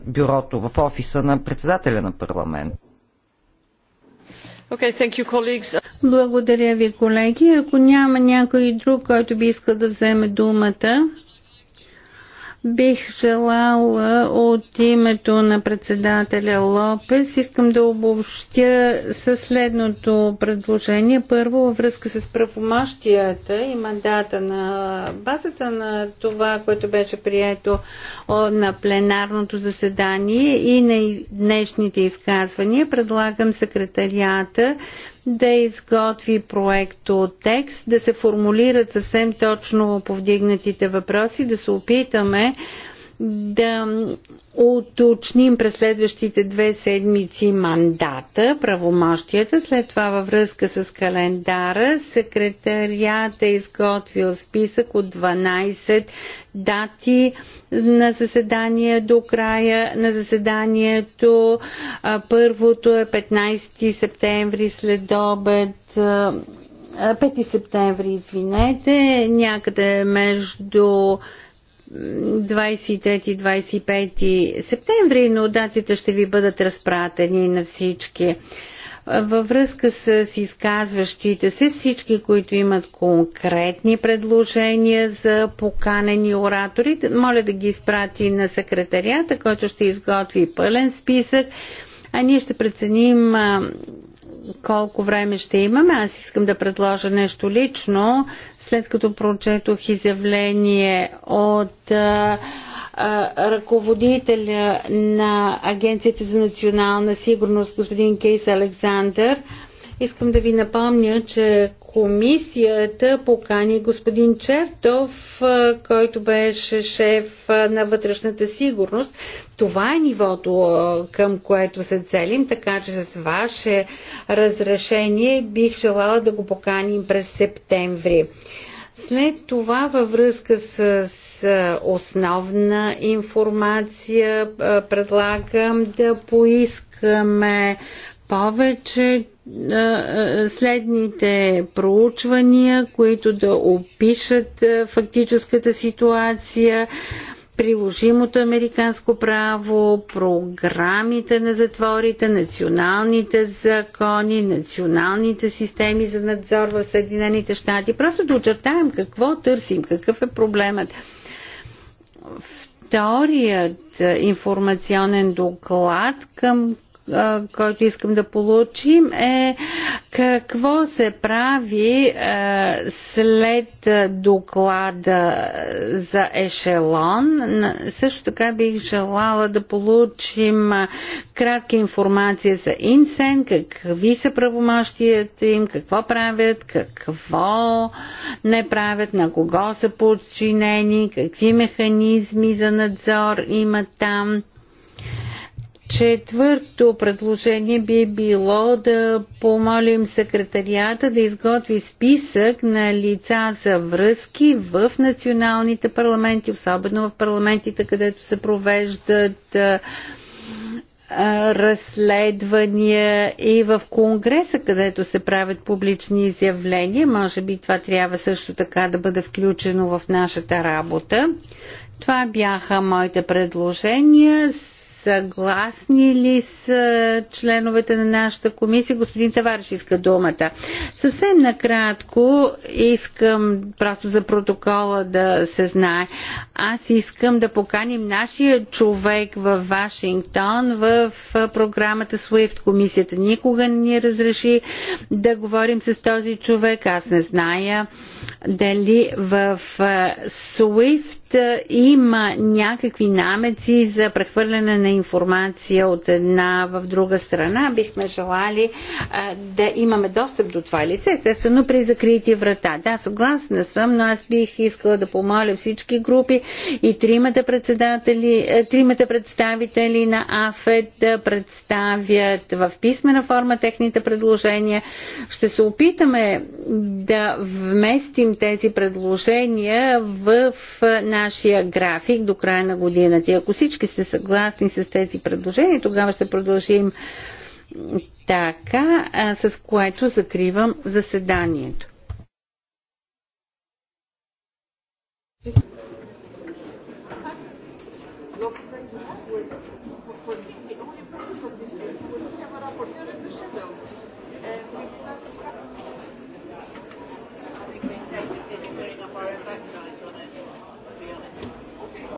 бюрото, в офиса на председателя на парламент. Okay, thank you, colleagues. Благодаря ви, колеги. Ако няма някой друг, който би искал да вземе думата, Бих желала от името на председателя Лопес, искам да обобщя със следното предложение. Първо, във връзка с правомащията и мандата на базата на това, което беше прието на пленарното заседание и на днешните изказвания, предлагам секретарията да изготви проекто текст, да се формулират съвсем точно повдигнатите въпроси, да се опитаме да уточним през следващите две седмици мандата, правомощията. След това във връзка с календара секретарията е изготвил списък от 12 дати на заседание до края на заседанието. Първото е 15 септември след обед. 5 септември, извинете, някъде между 23 и 25 септември, но датите ще ви бъдат разпратени на всички. Във връзка с изказващите се, всички, които имат конкретни предложения за поканени оратори, моля да ги изпрати на секретарията, който ще изготви пълен списък, а ние ще преценим колко време ще имаме. Аз искам да предложа нещо лично, след като прочетох изявление от а, ръководителя на Агенцията за национална сигурност, господин Кейс Александър. Искам да ви напомня, че комисията покани господин Чертов, който беше шеф на вътрешната сигурност. Това е нивото, към което се целим, така че с ваше разрешение бих желала да го поканим през септември. След това във връзка с е, основна информация. Е, предлагам да поискаме повече е, следните проучвания, които да опишат фактическата ситуация, приложимото американско право, програмите на затворите, националните закони, националните системи за надзор в Съединените щати. Просто да очертаем какво търсим, какъв е проблемът вторият е, информационен доклад, към който искам да получим е какво се прави след доклада за ешелон. Също така бих желала да получим кратка информация за Инсен, какви са правомощията им, какво правят, какво не правят, на кого са подчинени, какви механизми за надзор има там Четвърто предложение би било да помолим секретарията да изготви списък на лица за връзки в националните парламенти, особено в парламентите, където се провеждат разследвания и в Конгреса, където се правят публични изявления. Може би това трябва също така да бъде включено в нашата работа. Това бяха моите предложения. Съгласни ли са членовете на нашата комисия? Господин Тавариш иска думата. Съвсем накратко искам просто за протокола да се знае. Аз искам да поканим нашия човек в Вашингтон в програмата SWIFT. Комисията никога не ни разреши да говорим с този човек. Аз не зная дали в SWIFT е, има някакви намеци за прехвърляне на информация от една в друга страна. Бихме желали а, е, да имаме достъп до това лице, естествено при закрити врата. Да, съгласна съм, но аз бих искала да помоля всички групи и тримата, председатели, е, тримата представители на АФЕД да представят в писмена форма техните предложения. Ще се опитаме да вместим тези предложения в на нашия график до края на годината. И ако всички сте съгласни с тези предложения, тогава ще продължим така, с което закривам заседанието.